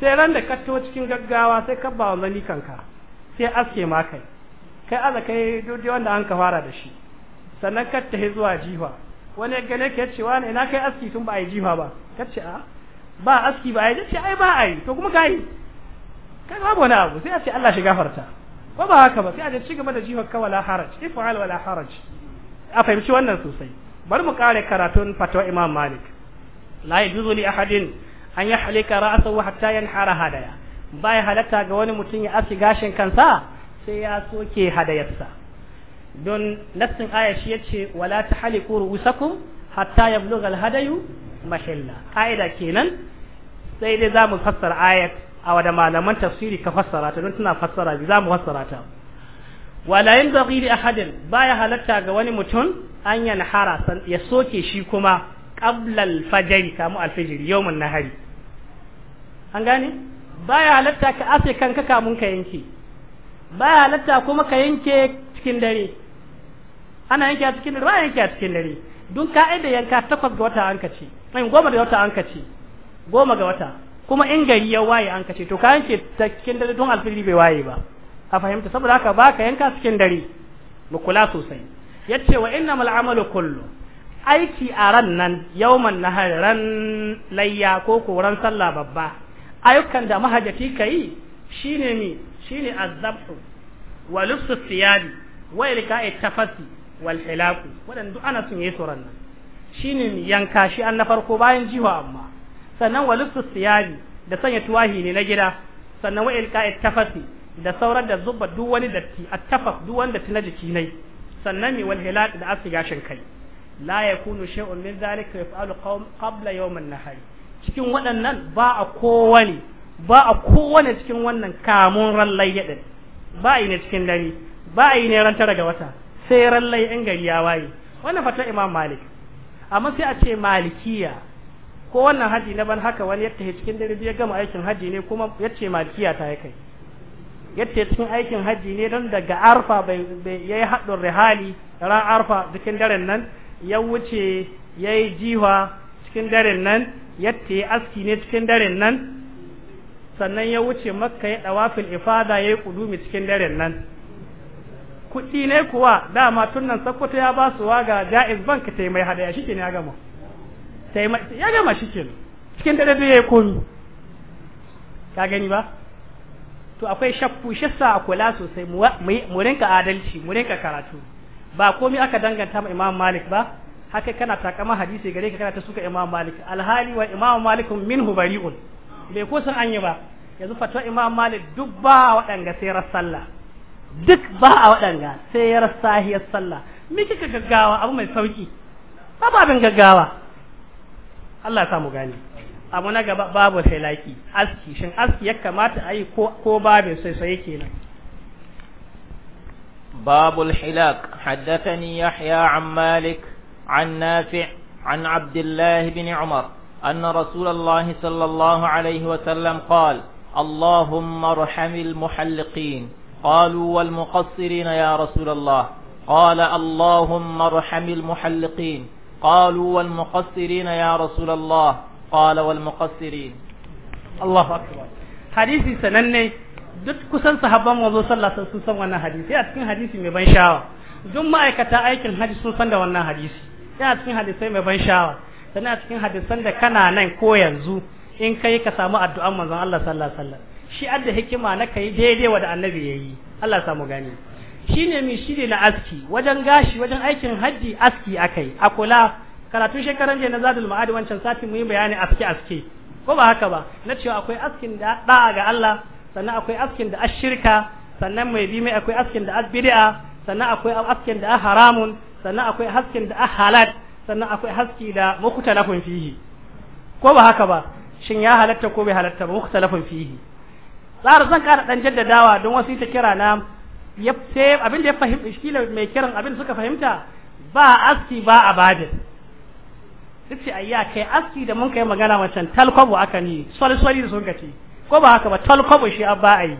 sai ran da katto cikin gaggawa sai ka ba wanzan kanka sai aske ma kai kai aza kai dodi wanda an ka fara da shi sannan ka tahi zuwa jiha wani ya gane ka yace wani ina kai aski tun ba a yi ba ka ce a ba aski ba a yi ce ai ba a yi to kuma ka yi kai babu wani abu sai a ce Allah shi gafarta ko ba haka ba sai a ce ci gaba da ka wala haraj ifal wala haraj a fahimci wannan sosai bari mu kare karatun fatwa imam malik la yajuzu li ahadin an yi halika ra'sahu hatta hara hadaya baya halatta ga wani mutum ya aski gashin kansa sai ya soke hadayarsa don nassin aya shi yace wala tahliqu ru'usakum hatta yablugha alhadayu hadayu mahilla kaida kenan sai dai zamu fassara ayat a wada malaman tafsiri ka fassara ta don tana fassara bi zamu fassara ta wala yanbaghi li ahadin baya halatta ga wani mutum an hara ya soke shi kuma qablal al-fajr kamu al-fajr yawmun nahari an gane baya halatta ka ase kanka kamun ka yanke baya halatta kuma ka yanke cikin dare ana yanke a cikin dare ba yanke a cikin dare don aida yanka takwas ga wata an kace ai goma da wata an kace goma ga wata kuma in gari ya waye an kace to ka yanke ta cikin dare don alfiri bai waye ba a fahimta saboda haka baka yanka cikin dare mu kula sosai yace wa innamal amalu kullu aiki a ran nan yawman na ran layya ko koran sallah babba ayyukan da mahajjati kai shine ni shine azzabhu wa lubsu siyadi wa ilka tafasi wal hilaku wadan duk ana sun yi suran nan shine yanka shi an na farko bayan jiwa amma sannan wa lubsu siyadi da sanya tuwahi ne na gida sannan wa ilka tafasi da saurar da zubba duk wani datti attafaf duk wanda na jiki sannan mi wal hilaku da asiga shin kai la yakunu shay'un min zalika yaf'alu qabla yawm an-nahar cikin waɗannan ba a kowani ba a kowani cikin wannan kamun ran layya din ba yi ne cikin dare ba yi ne ran tara ga wata sai ran layya in gari ya waye wannan fata imam malik amma sai a ce malikiya ko wannan haji na ban haka wani yadda cikin dare ya gama aikin haji ne kuma yace malikiya ta kai yadda cikin aikin haji ne don daga arfa bai yayi haɗin rihali ran arfa cikin daren nan ya wuce ya yi jiwa cikin daren nan yadda ya aski ne cikin daren nan sannan ya wuce makka ya ɗawafin ifada ya yi ƙudumi cikin daren nan kuɗi ne kuwa dama tun nan sakkwato ya ba su waga ja'iz bank ta mai hadaya shi ya gama ya gama shi ke cikin dare ya yi komi ka gani ba to akwai shakku shi sa a kula sosai mu rinka adalci mu rinka karatu ba komai aka danganta ma Imam Malik ba haka kana takama hadisi gare ka kana ta suka Imam Malik alhali wa Imam Malik minhu bari'un bai ko san anyi ba yanzu fatwa Imam Malik duk ba waɗanga sai sallah duk ba a waɗanga sai sahiyar sallah me kika gaggawa abu mai sauki ababin gaggawa Allah ya samu gani abu na gaba babu sai aski shin aski ya kamata ayi ko babin sai sai kenan باب الحلاق حدثني يحيى عن مالك عن نافع عن عبد الله بن عمر أن رسول الله صلى الله عليه وسلم قال اللهم ارحم المحلقين قالوا والمقصرين يا رسول الله قال اللهم ارحم المحلقين قالوا والمقصرين يا رسول الله قال والمقصرين الله أكبر حديث سنني duk kusan sahabban manzo sallallahu alaihi sun san wannan hadisi a cikin hadisi mai ban sha'awa duk ma'aikata aikin haji sun san da wannan hadisi yana cikin hadisai mai ban sha'awa sannan a cikin hadisan da kana nan ko yanzu in kai ka samu addu'an manzon Allah sallallahu alaihi wasallam shi adda hikima na kai daidai wa da annabi yayi Allah samu gani shine mi shine na aski wajen gashi wajen aikin haji aski akai akula karatun shekaran jiya na zadul ma'ad wancan sati mu yi bayani aski aski ko ba haka ba na cewa akwai askin da da'a ga Allah sannan akwai askin da ashirka sannan mai bi mai akwai askin da bid'a sannan akwai askin da haramun sannan akwai askin da halal sannan akwai haski da mukhtalafun fihi ko ba haka ba shin ya halatta ko bai halatta ba mukhtalafun fihi tsara zan kara dan jaddadawa don wasu ta kira na ya sai abin da ya fahimta shi mai kiran abin suka fahimta ba aski ba duk sai ayya kai aski da mun kai magana wancan talkwabo aka ni soli swali da sun kace ko ba haka ba talkobo shi an ba a yi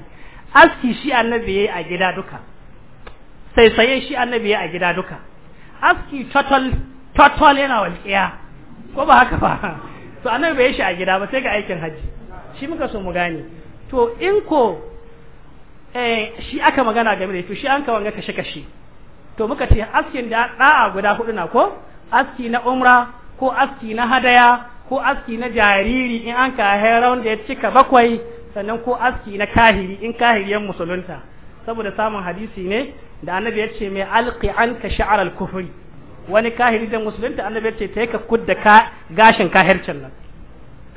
aski shi annabi ya yi a gida duka sai saye shi annabi ya a gida duka aski total yana walƙiya ko ba haka ba to annabi bai shi a gida ba sai ga aikin hajji shi muka so mu gane to in ko eh shi aka magana game da to shi an kawanga kashe kashe to muka ce askin da da'a guda hudu na ko aski na umra ko aski na hadaya ko aski na jariri in an ka hairan da ya cika bakwai sannan ko aski na kahiri in kahiriyan musulunta saboda samun hadisi ne da annabi ya ce mai alƙi an ka sha'ar al-kufri wani kahiri da musulunta annabi ya ce ta ka kudda ka gashin kahircin nan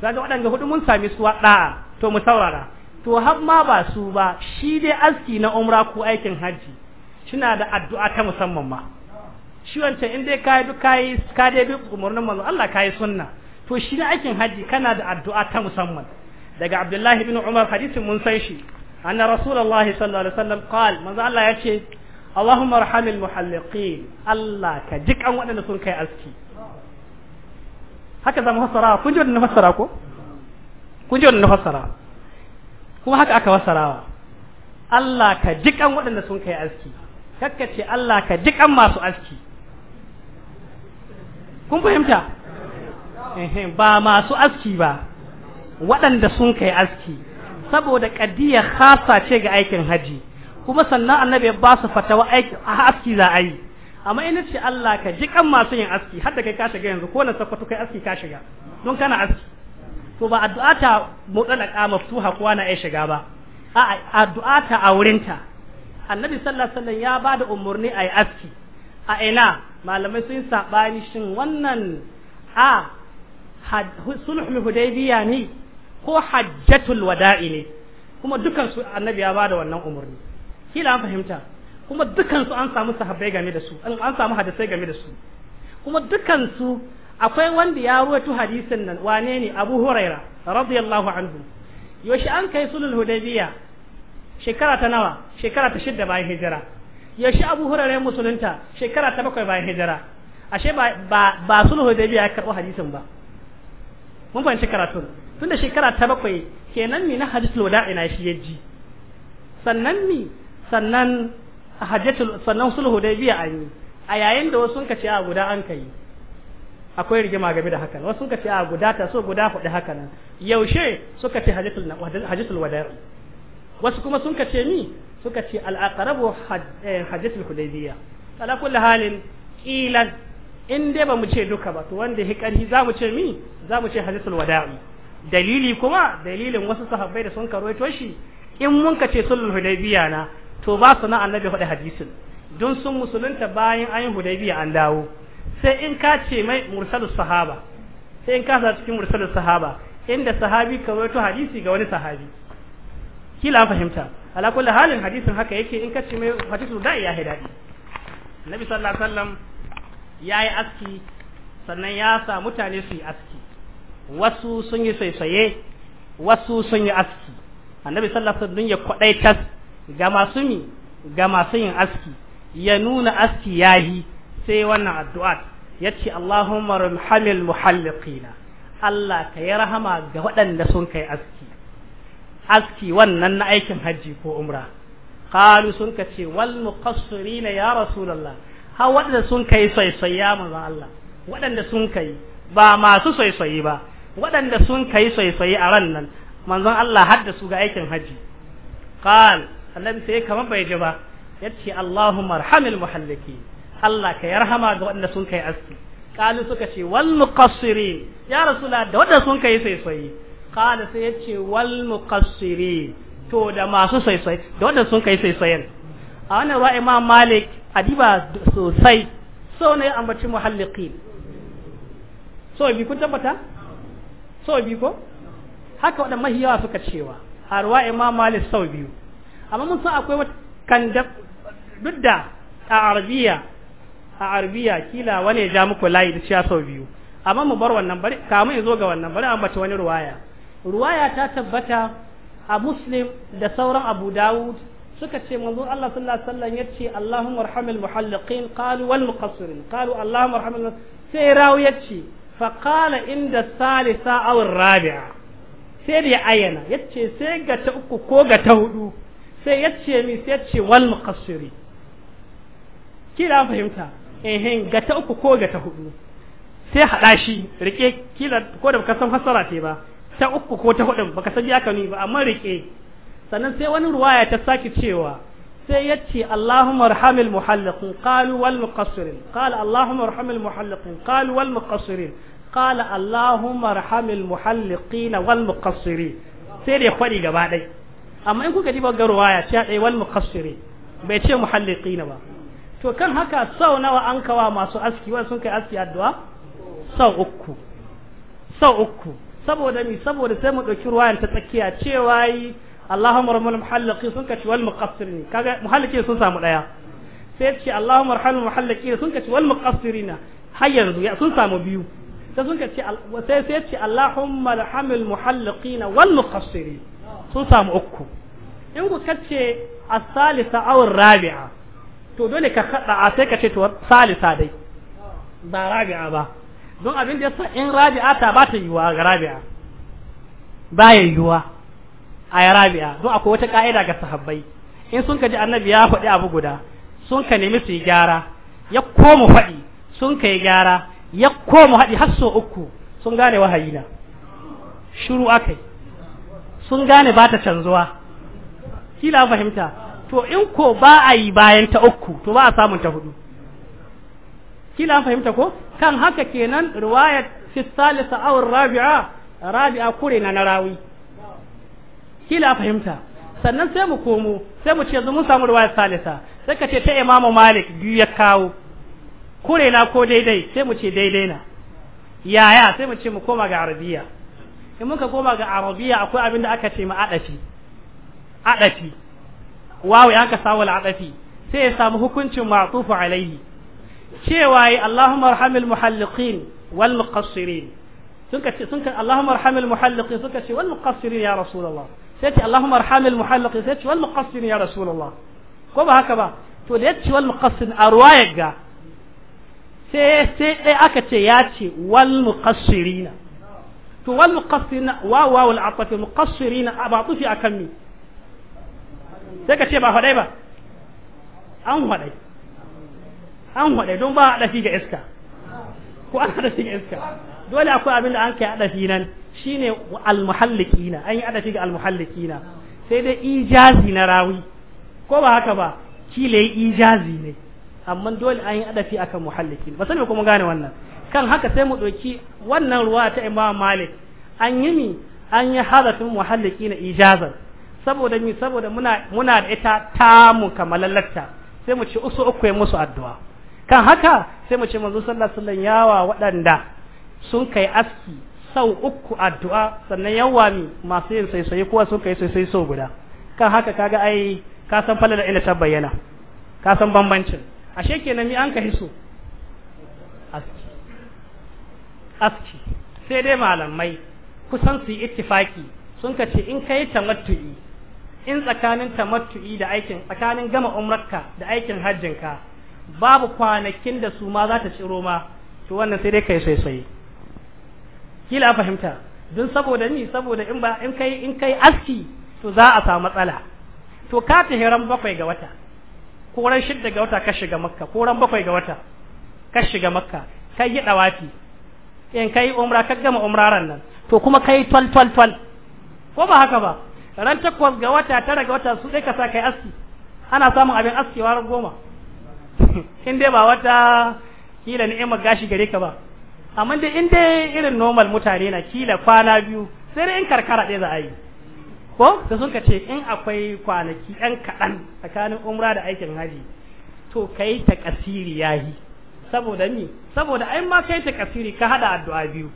kaga waɗanda hudu mun sami suwa ɗa'a to mu saurara to har ma ba su ba shi dai aski na umra ko aikin hajji suna da addu'a ta musamman ma shi wancan in dai kayi duk kayi ka dai bi umarnin manzo Allah kayi sunna to shi na aikin haji kana da addu'a ta musamman daga abdullahi ibn umar hadisin mun san shi anna rasulullahi sallallahu alaihi wasallam qal manzo Allah yace Allahumma arhamil muhalliqin Allah ka jikan waɗanda sun kai aski haka zamu fassara kun ji wannan fassara ko kun ji wannan fassara kuma haka aka fassarawa Allah ka jikan waɗanda sun kai aski kakkace Allah ka jikan masu aski kun fahimta ba masu aski ba waɗanda sun kai aski saboda kadiya khasa ce ga aikin haji kuma sannan annabi ba su fatawa aiki aski za a yi amma ina ce Allah ka ji kan masu yin aski har da kai ka shiga yanzu ko na safatu kai aski ka shiga don kana aski to ba addu'a ta mutalaka maftuha kowa na ai shiga ba a addu'a ta aurinta annabi sallallahu alaihi wasallam ya bada umurni ai aski a ina malamai sun sabani shin wannan a sulhul hudaybiya ne ko hajjatul wada'i ne kuma dukan su annabi ya bada wannan umarni kila an fahimta kuma dukan su an samu sahabbai game da su an samu hadisai game da su kuma dukan su akwai wanda ya ruwaito hadisin nan wane ne Abu Huraira radiyallahu anhu yaushe an kai sulhul hudaybiya shekara ta nawa shekara ta shidda bayan hijira yaushe Abu Huraira musulunta shekara ta bakwai bayan hijira ashe ba ba, ba sulhul hudaybiya ya karbo hadisin ba mun fahimci karatun tun da shekara ta bakwai kenan mi na hajjatul wada'i na shi yaji sannan mi sannan hajjatul sannan sulhu biya an yi a yayin da wasu ka ce a guda an kai akwai rigima game da hakan wasu ka ce a guda ta so guda hudu haka nan yaushe suka ce hajjatul wada'i wasu kuma sun ka ce ni suka ce al-aqrabu eh, hajjatul hudaybiya ala kulli halin ilan in dai ba mu ce duka ba to wanda ya karhi za mu ce mi za mu ce hadisul wada'i dalili kuma dalilin wasu sahabbai da sun karwaito shi in mun ka ce sulhul hudaybiya na to ba su na annabi hudai hadisin don sun musulunta bayan an yi hudaybiya an dawo sai in ka ce mai mursalus sahaba sai in ka sa cikin mursalus sahaba inda sahabi karwaito hadisi ga wani sahabi kila fahimta ala kulli halin hadisin haka yake in ka ce mai hadisul da'i ya hidadi nabi sallallahu alaihi wasallam ya yi aski sannan ya sa mutane su yi aski wasu sun yi saisaye wasu sun yi aski annabi sallallahu alaihi ya kwadai tas ga masu mi ga masu yin aski ya nuna aski yahi sai wannan addu'a yace Allahumma rahmil muhalliqina Allah ka yi rahama ga waɗanda sun kai aski aski wannan na aikin hajji ko umra qalu sun ka ce wal muqassirina ya rasulullah har waɗanda sun kai ya maza Allah waɗanda sun kai ba masu soyayya ba waɗanda sun kai soyayya a ran nan manzon Allah hadda su ga aikin haji qal annabi sai kamar bai ji ba yace Allahumma arhamil muhallaki Allah ka yarhama ga waɗanda sun kai aski qalu suka ce wal muqassirin ya rasula da waɗanda sun kai soyayya qala sai yace wal muqassirin to da masu soyayya da waɗanda sun kai soyayya a wannan ruwa Imam Malik adiba sosai so ne ambaci muhalliqin so bi kun tabbata so bi ko haka wadan mahiyawa suka cewa wa imam malik sau biyu amma mun san akwai wata kanda Dudda a arabiya a arabiya kila wani ya ja muku layi da cewa so biyu amma mu bar wannan bari kamu in zo ga wannan bari ambaci wani ruwaya ruwaya ta tabbata a muslim da sauran abu dawud suka ce manzon Allah sallallahu alaihi wasallam yace Allahumma arhamil muhalliqin qalu wal muqassirin qalu Allahumma arhamil sai rawu yace fa qala inda salisa aw rabi'a sai da ayana yace sai ga ta uku ko ga ta hudu sai yace mi sai yace wal muqassiri kila fahimta eh ga ta uku ko ga ta hudu sai hada shi rike kila ko da baka san fassara ce ba ta uku ko ta hudu baka san ya kanu ba amma rike sannan sai wani ruwaya ta sake cewa sai ya ce Allahumma rahamil muhalliqin qalu wal muqassirin qala Allahumma rahamil muhalliqin qalu wal muqassirin qala Allahumma rahamil muhalliqin wal muqassirin sai da ya faɗi gaba dai amma in kuka ba ga ruwaya ta dai wal muqassirin bai ce muhalliqin ba to kan haka sau nawa an kawa masu aski wa sun kai aski addu'a sau uku sau uku saboda ni saboda sai mu ɗauki ruwayar ta tsakiya cewa yi Allahumma rabbul muhallaqi sun kace wal muqassirin kaga muhallaqi sun samu daya sai ce Allahumma rabbul muhallaqi sun kace wal muqassirin har yanzu ya sun samu biyu sai sun kace sai sai ce Allahumma rahamul muhallaqin wal muqassirin sun samu uku in ku kace as-salisa aw ar-rabi'a to dole ka kada a sai kace to salisa dai ba rabi'a ba don abin da yasa in rabi'a ta ba ta yiwa ga rabi'a ba ya yiwa a yarabiya don akwai wata ka'ida ga sahabbai in sun ka ji annabi ya faɗi abu guda sun ka nemi su yi gyara ya koma faɗi sun ka yi gyara ya koma haɗi har so uku sun gane wahayi na shuru akai sun gane ba ta canzuwa kila fahimta to in ko ba a yi bayan ta uku to ba a samun ta hudu kila fahimta ko kan haka kenan riwayat fi salisa aw rabi'a rabi'a kure na rawi kila fahimta sannan sai mu komo sai mu ce yanzu mun samu ruwayar salisa sai ka ce ta imamu malik biyu ya kawo kure na ko daidai sai mu ce daidai na yaya sai mu ce mu koma ga arabiya in muka koma ga arabiya akwai abin da aka ce ma adafi adafi wawu ya ka samu adafi sai ya samu hukuncin ma'tufu alaihi cewa yi Allahumma arhamil muhalliqin wal muqassirin sun ka ce sun ka Allahumma arhamil muhalliqin sun ka ce wal muqassirin ya rasulullah سيتي اللهم ارحم المحلق سيتي والمقصن يا رسول الله كما هكذا توليتي والمقصن اروايك سيتي اي اكتي ياتي والمقصرين تو والمقصرين واو واو العطف المقصرين اباطفي اكمي سيكتي با هدايبا an waɗai an waɗai don ba a ɗafi ga iska ko an haɗa cikin iska dole akwai abin da an kai a ɗafi nan Shi ne almuhallikina an yi adafi ga almuhallikina sai dai ijazi na rawi ko ba haka ba kila yi ijazi ne amma dole an yi adafi akan muhallikina ba sani kuma gane wannan kan haka sai mu ɗauki wannan ruwa ta imam malik an yi mi an yi hadafin muhallikina ijazan saboda mi saboda muna muna da ita tamu kamalalarta sai mu ce usu uku musu addu'a kan haka sai mu ce manzo sallallahu alaihi wasallam yawa waɗanda sun kai aski sau uku addu'a sannan yawa masu yin saisaye kowa sun kai saisaye sau guda kan haka kaga ai ka san falala ina ta bayyana ka san bambancin ashe kenan mi an ka hiso aski aski sai dai malamai kusan su yi ittifaki sun ka ce in ka yi tamattu'i in tsakanin tamattu'i da aikin tsakanin gama umrarka da aikin hajjinka babu kwanakin da su ma za ta ciro ma to wannan sai dai ka yi saisaye kila fahimta don saboda ni saboda in ba in kai in kai aski to za a samu matsala to ka ta hiran bakwai ga wata ko ran shidda ga wata ka shiga makka ko ran bakwai ga wata ka shiga makka kai yi dawafi in kai umra ka gama umraran nan to kuma kai twal twal twal ko ba haka ba ran takwas ga wata tara ga wata su dai ka sa kai aski ana samun abin aski war goma in dai ba wata kila ni'imar gashi gare ka ba amma dai in dai irin normal mutane na kila kwana biyu sai dai in karkara ɗaya za a yi ko da sun ce in akwai kwanaki ɗan kaɗan tsakanin umra da aikin haji to kai ta kasiri yahi saboda ni saboda ai ma kai ta kasiri ka hada addu'a biyu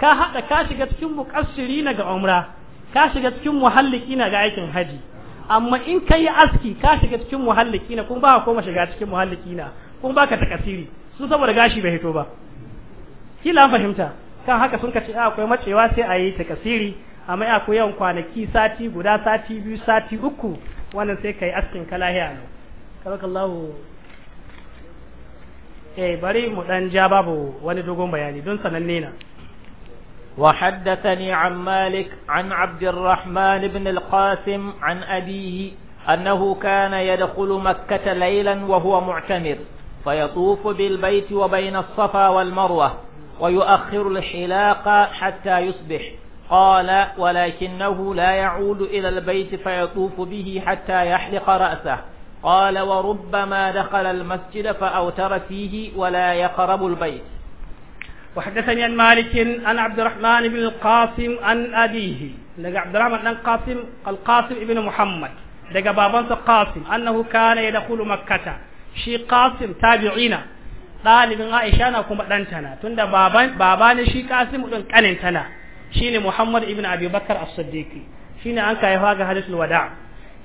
ka hada ka shiga cikin muqassiri na ga umra ka shiga cikin muhalliki na ga aikin haji amma in kai aski ka shiga cikin muhalliki na kun ba ka koma shiga cikin muhalliki na kun ba ka ta kasiri su saboda gashi bai hito ba kila an fahimta kan haka sun kace ah, akwai macewa sai a yi ta kasiri amma akwai yawan kwanaki sati guda sati biyu sati uku wannan sai kai askin ka lahiya ne kabakallahu eh bari mu dan ja babu wani dogon bayani don sananne na وحدثني عن مالك عن عبد الرحمن بن القاسم عن أبيه أنه كان يدخل مكة ليلا وهو معتمر فيطوف بالبيت وبين الصفا والمروة ويؤخر الحلاق حتى يصبح قال ولكنه لا يعود إلى البيت فيطوف به حتى يحلق رأسه قال وربما دخل المسجد فأوتر فيه ولا يقرب البيت وحدثني عن مالك عن عبد الرحمن بن القاسم عن أبيه لقى عبد الرحمن بن القاسم القاسم بن محمد لقى بابانس القاسم أنه كان يدخل مكة شي قاسم تابعين ɗalibin Aisha na kuma ɗan tana tunda baban baba ne shi Qasim din kanin tana shine Muhammad ibn Abi Bakar As-Siddiqi shine an kai ga hadisul wada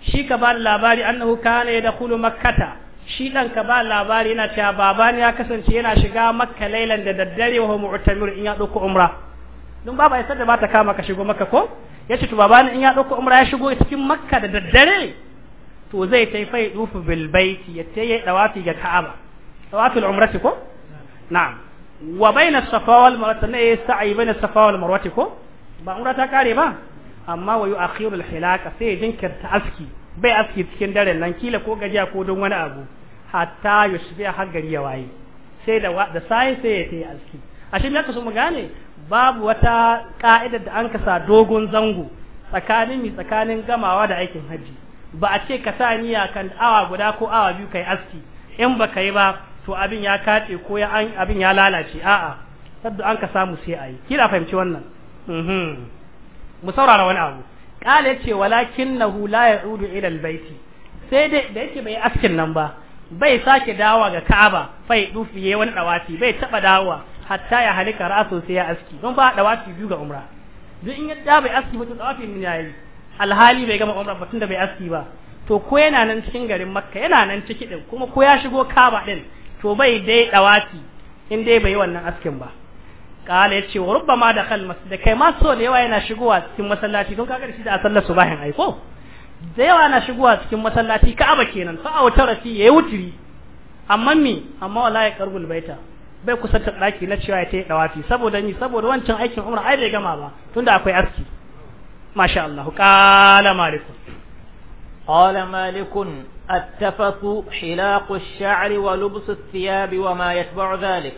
shi ka ba labari annahu kana yadkhulu makkata shi dan ka ba labari yana cewa baba ne ya kasance yana shiga makka lailan da daddare wa mu'tamir in ya dauko umra don baba ya sadda ba ta kama ka shigo makka ko yace to baba ne in ya dauko umra ya shigo cikin makka da daddare to zai taifai dufu bil baiti ya tayi dawafi ga ka'aba tawafil umrati ko na'am wa baina safa wal marwa sannan yayi sa'i baina safa wal marwa ko ba umra ta kare ba amma wa yu'akhiru al hilaka sai jinkirta aski bai aski cikin daren nan kila ko gajiya ko don wani abu hatta yushbi har gari ya waye sai da da sai sai ya tayi aski ashe me so mu gane babu wata ka'idar da an kasa dogon zango tsakanin mi tsakanin gamawa da aikin haji ba a ce ka sa niyya kan awa guda ko awa biyu kai aski in ba ka ba to abin ya kace ko ya abin ya lalace a'a sadda an ka samu sai ayi kila fahimci wannan mhm mu saurara wani abu qala yace walakinahu la ya'udu ila albayti sai dai da yake bai askin nan ba bai sake dawa ga Ka'aba fai dufiye wani dawati bai taba dawa hatta ya halika ra'su sai ya aski don ba dawati biyu ga umra duk in ya bai aski ba to dawati min yayi alhali bai gama umra ba tunda bai aski ba to ko yana nan cikin garin makka yana nan ciki din kuma ko ya shigo kaba din to bai dai dawati in dai bai wannan askin ba kala yace wa rubbama da kal masjid kai ma so da yawa yana shigowa cikin masallaci don kaga shi da sallar subahin ai ko da yawa yana shigowa cikin masallaci ka'aba kenan fa a rafi yayi wutiri amma me amma wallahi karbul baita bai kusa ta daki na cewa yayi dawafi saboda ni saboda wancan aikin umra ai bai gama ba tunda akwai aski masha Allah qala malikum قال مالك التفث حلاق الشعر ولبس الثياب وما يتبع ذلك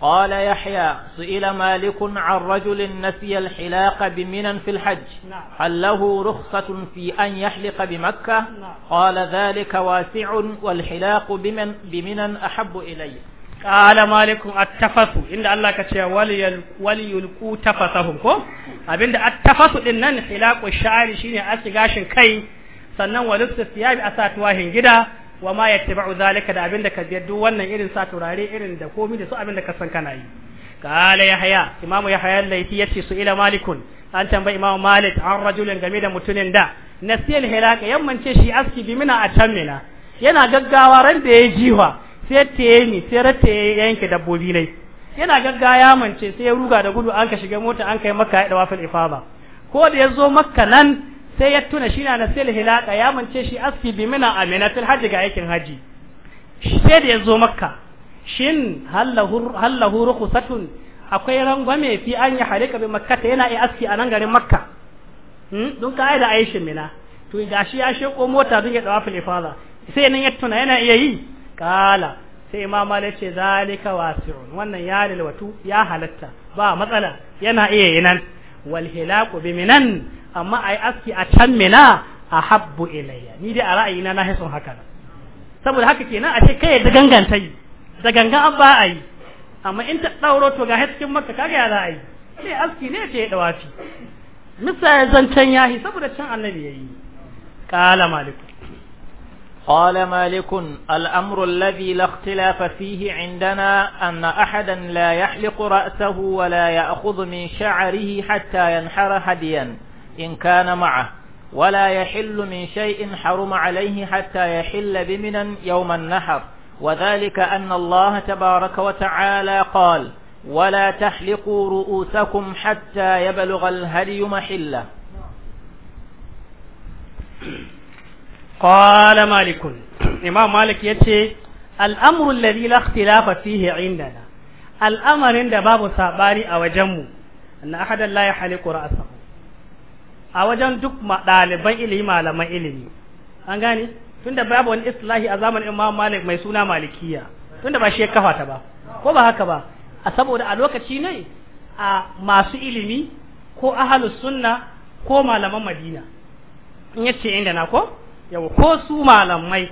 قال يحيى سئل مالك عن رجل نسي الحلاق بمنى في الحج نعم. هل له رخصة في أن يحلق بمكة نعم. قال ذلك واسع والحلاق بمن بمنى أحب إلي قال مالك التفث إن الله كتير ولي وليلقوا تفثهم كو أبين التفث إن حلاق الشعر شيني أسي كي sannan wa lubsu a asa tuwahin gida wa ma ba'u zalika da abinda ka biyar wannan irin sa turare irin da komi da su abinda ka san kana yi qala yahya imam yahya laifi yace su ila malikun an tambayi imam malik an rajulin game da mutunin da nasiyal hilaka yammance shi aski bi mina a can mina yana gaggawa ran da ya jiwa sai teye ni sai rata ya yanke dabbobi ne yana gaggawa ya mance sai ya ruga da gudu an ka shiga mota an kai makka ya dawa ifaba ko da ya zo makka nan sai ya tuna shi na na sai hilaka ya mance shi aski bi mina aminatul hajji ga aikin haji sai da ya zo makka shin hallahu rukhsatun akwai rangwame fi an yi halika bi makkata yana iya aski a nan garin makka hmm? don ka da aishin mina to ga shi ya sheko mota don ya dawa filifaza sai nan ya tuna yana iya yi kala sai imam malik ce zalika wasi'un wannan ya lalwatu ya halatta ba matsala yana iya yi nan wal hilaku bi minan amma ai aski a can a habbu ilayya ni dai a ra'ayina na son haka saboda haka kenan a ce kai da ganganta yi da gangan an ba yi amma in ta dauro to ga haskin maka kaga ya za a yi sai aski ne ce ya dawafi misali zancen yahi saboda can annabi yayi kala maliku قال مالك الأمر الذي لا اختلاف فيه عندنا أن أحدا لا يحلق رأسه ولا يأخذ من شعره حتى ينحر هديا إن كان معه ولا يحل من شيء حرم عليه حتى يحل بمنا يوم النحر وذلك أن الله تبارك وتعالى قال ولا تحلقوا رؤوسكم حتى يبلغ الهدي محله مالك malikun imam malik الامر الذي لا اختلاف فيه عندنا indana al'amarin da babu sabani a wajen mu anna ahadan la yahliqu ra'sahu a wajen duk ɗaliban ilimi malaman ilimi an tun tunda babu wani islahi a zamanin imam malik mai suna malikiya tunda ba shi ya kafa ta ba ko ba haka ba a saboda a lokaci ne a masu ilimi ko ahalus sunna ko malaman madina in yace inda na ko yau ko su malamai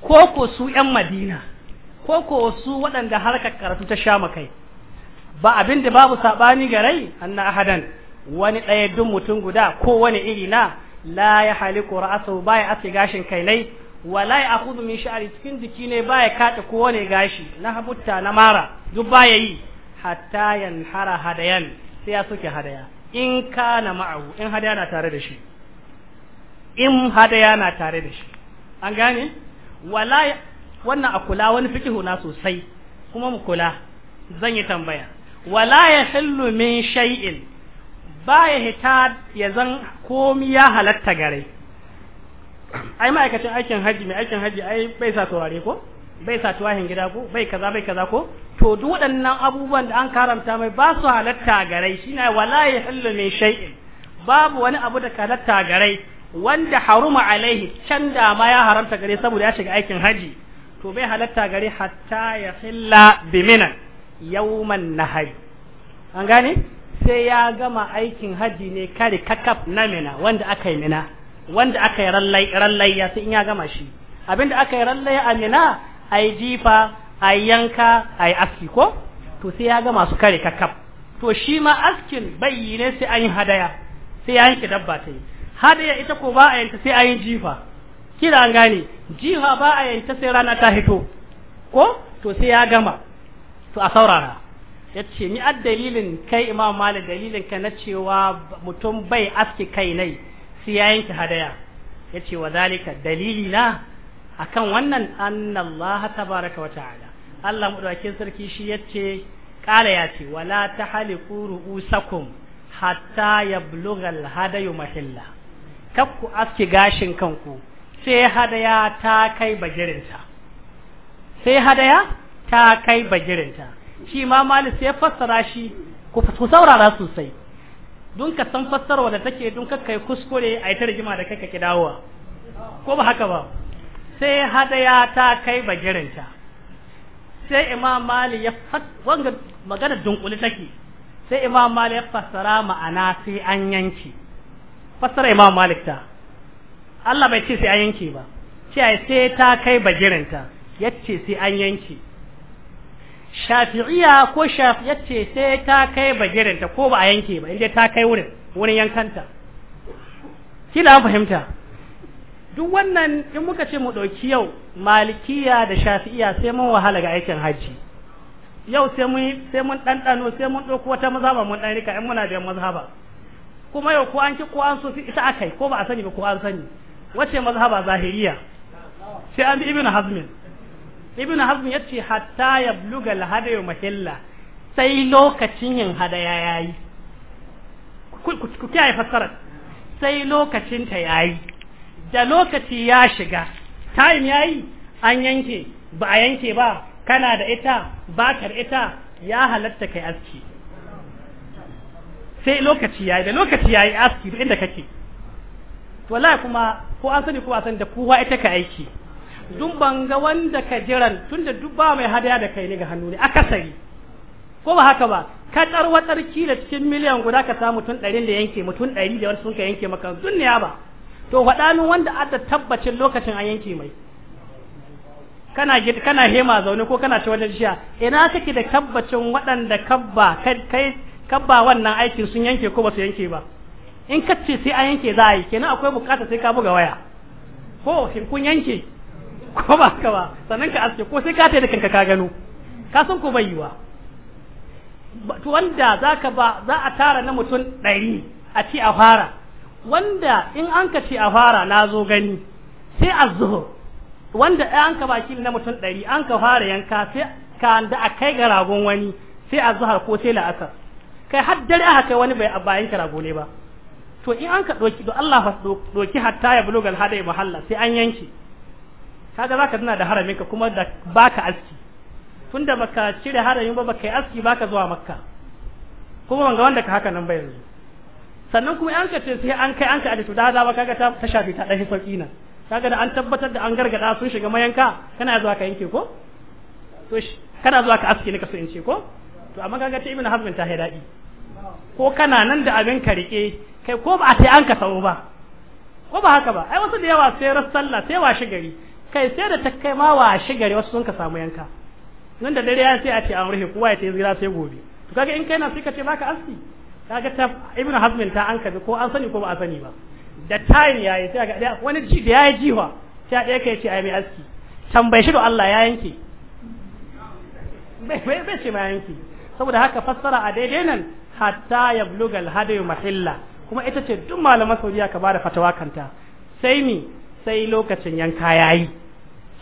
ko ko su yan madina ko ko su waɗanda harkar karatu ta sha makai ba abin da babu saɓani ga rai anna ahadan wani ɗaya dun mutum guda ko wani iri na la ya hali ra'asau ba ya aske gashin kai nai walai ya akhudhu min sha'ari cikin jiki ne ba ya kaɗa ko wani gashi na habutta na mara duk ba ya yi hatta yanhara hadayan sai ya soke hadaya in ka na ma'ahu in hadaya na tare da shi in hadaya na tare da shi an gane wala wannan a kula wani fikihu na sosai kuma mu kula zan yi tambaya wala ya hillu min shay'in ba ya hita ya zan komi ya halatta gare ai ma'aikacin aikin haji mai aikin haji ai bai sa turare ko bai sa tuwahin gida ko bai kaza bai kaza ko to duk waɗannan abubuwan da an karanta mai ba su halatta gare shi na wala ya hillu min shay'in babu wani abu da ka halatta gare wanda haruma alaihi can da ma ya haramta gare saboda ya shiga aikin haji to bai halatta gare hatta ya hilla bimina yawman nahari an gane sai ya gama aikin haji ne kare kakaf na mina wanda aka yi mina wanda aka yi rallai rallai ya sai in ya gama shi abinda aka yi rallai a mina ai jifa ai yanka ai aski ko to sai ya gama su kare kakaf to shi ma askin yi ne sai an yi hadaya sai ya yanke dabba ta yi hadiya ita ko ba a yanta sai ayin jifa kira an gane jifa ba a yanta sai rana ta hito ko to sai ya gama to a saurara ya ce ni ad dalilin kai imam malik dalilin ka na cewa mutum bai aske kai nai sai ya yanke hadaya ya ce wa zalika dalili na akan wannan annallaha tabaraka wa ta'ala Allah mudaukin sarki shi yace kala ya ce wala tahliqu ru'usakum hatta yablugha al-hadayu mahilla kakku aske gashin kanku sai hadaya ta kai bagirinta sai hadaya ta kai bagirinta shi ma malik sai fassara shi ku saurara sosai don ka san fassarwa da take don kai kuskure a ita rigima da kakka kidawa ko ba haka ba sai hadaya ta kai bagirinta sai imam mali ya wanga magana dunkule take sai imam mali ya fassara ma'ana sai an yanki fassara imam malik ta Allah bai ce sai an yanke ba ce sai ta kai bagirinta yace sai an yanke shafi'iya ko shafi ce sai ta kai bagirinta ko ba a yanke ba inda ta kai wurin wurin yankanta kila fahimta duk wannan in muka ce mu ɗauki yau malikiya da shafi'iya sai mun wahala ga aikin hajji yau sai mun sai mun ɗanɗano sai mun ɗauko wata mazhaba mun dan rika in muna da mazhaba kuma yau ko an ki ko an so ita akai ko ba a sani ba ko an sani wace mazhaba zahiriya sai an bi ibnu hazm ibnu hazm yace hatta yabluga al-hadayu mahilla sai lokacin yin hadaya yayi ku kiyaye fassara sai lokacin ta yayi da lokaci ya shiga time yayi an yanke ba a yanke ba kana da ita ba ka ita ya halatta kai aski sai lokaci yayi da lokaci yayi aski duk inda kake to wallahi kuma ko an sani ko a san da kowa ita ka aiki dun banga wanda ka jiran tunda duk ba mai hadaya da kai ne ga hannu ne akasari ko ba haka ba ka tsarki da cikin miliyan guda ka samu tun ɗarin da yanke mutum ɗari da wani sun ka yanke maka duniya ba to faɗanin wanda aka tabbacin lokacin an yanke mai kana kana hema zaune ko kana ci wajen jiya ina kake da tabbacin waɗanda kabba kai ba wannan aikin sun yanke ko ba su yanke ba in ka ce sai an yanke za a yi kenan akwai bukata sai ka buga waya ko shin kun yanke ko ba ka ba sannan ka aske ko sai ka tayi da kanka ka gano ka san ko bai yiwa wanda zaka ba za a tara na mutum ɗari a ce a fara wanda in an ka ce a fara na zo gani sai a zuhur wanda an ka baki na mutum ɗari an ka fara yanka sai ka da a kai ga ragon wani sai a zuhar ko sai la'asar kai har dare aka kai wani bai a bayan kira gole ba to in an ka doki do Allah fa doki hatta ya bulugal hada ya mahalla sai an yanke kaga zaka tana da haramin ka kuma da baka aski tunda baka cire haramin ba baka aski baka zuwa makka kuma wanga wanda ka haka nan ba yanzu sannan kuma an ka ce sai an kai an ka da to da ba kaga ta ta shafi ta dashi sauki na kaga da an tabbatar da an gargada sun shiga mayanka kana zuwa ka yanke ko to kana zuwa ka aski ne ka so in ce ko to amma kaga ta ibn hazmin ta haidai ko kana nan da abin ka rike kai ko ba a sai an ka sau ba ko ba haka ba ai wasu da yawa sai rasalla sallah sai washe gari kai sai da ta kai ma washe gari wasu sun ka samu yanka nan da dare ya sai a ce an rufe kowa ya ta zira sai gobe to kaga in kai na sai ka ce baka aski kaga ta ibnu hazmin ta an ka ko an sani ko ba a sani ba da tayin yayi sai ga wani ji da yayi jiwa sai ɗaya kai ce ai mai aski tambaye shi da Allah ya yanke bai bai ce ma yanke saboda haka fassara a daidai nan hatta ya bluga alhadayu mahilla kuma ita ce duk malaman saudiya ka bada fatawa kanta sai mi sai lokacin yanka yayi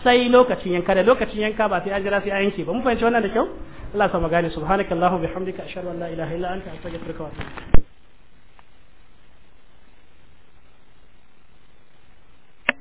sai lokacin yanka da lokacin yanka ba sai an jira sai an yanke ba mun fahimci wannan da kyau Allah ya sa mu gane subhanakallahumma bihamdika ashhadu an la ilaha illa anta astaghfiruka wa atubu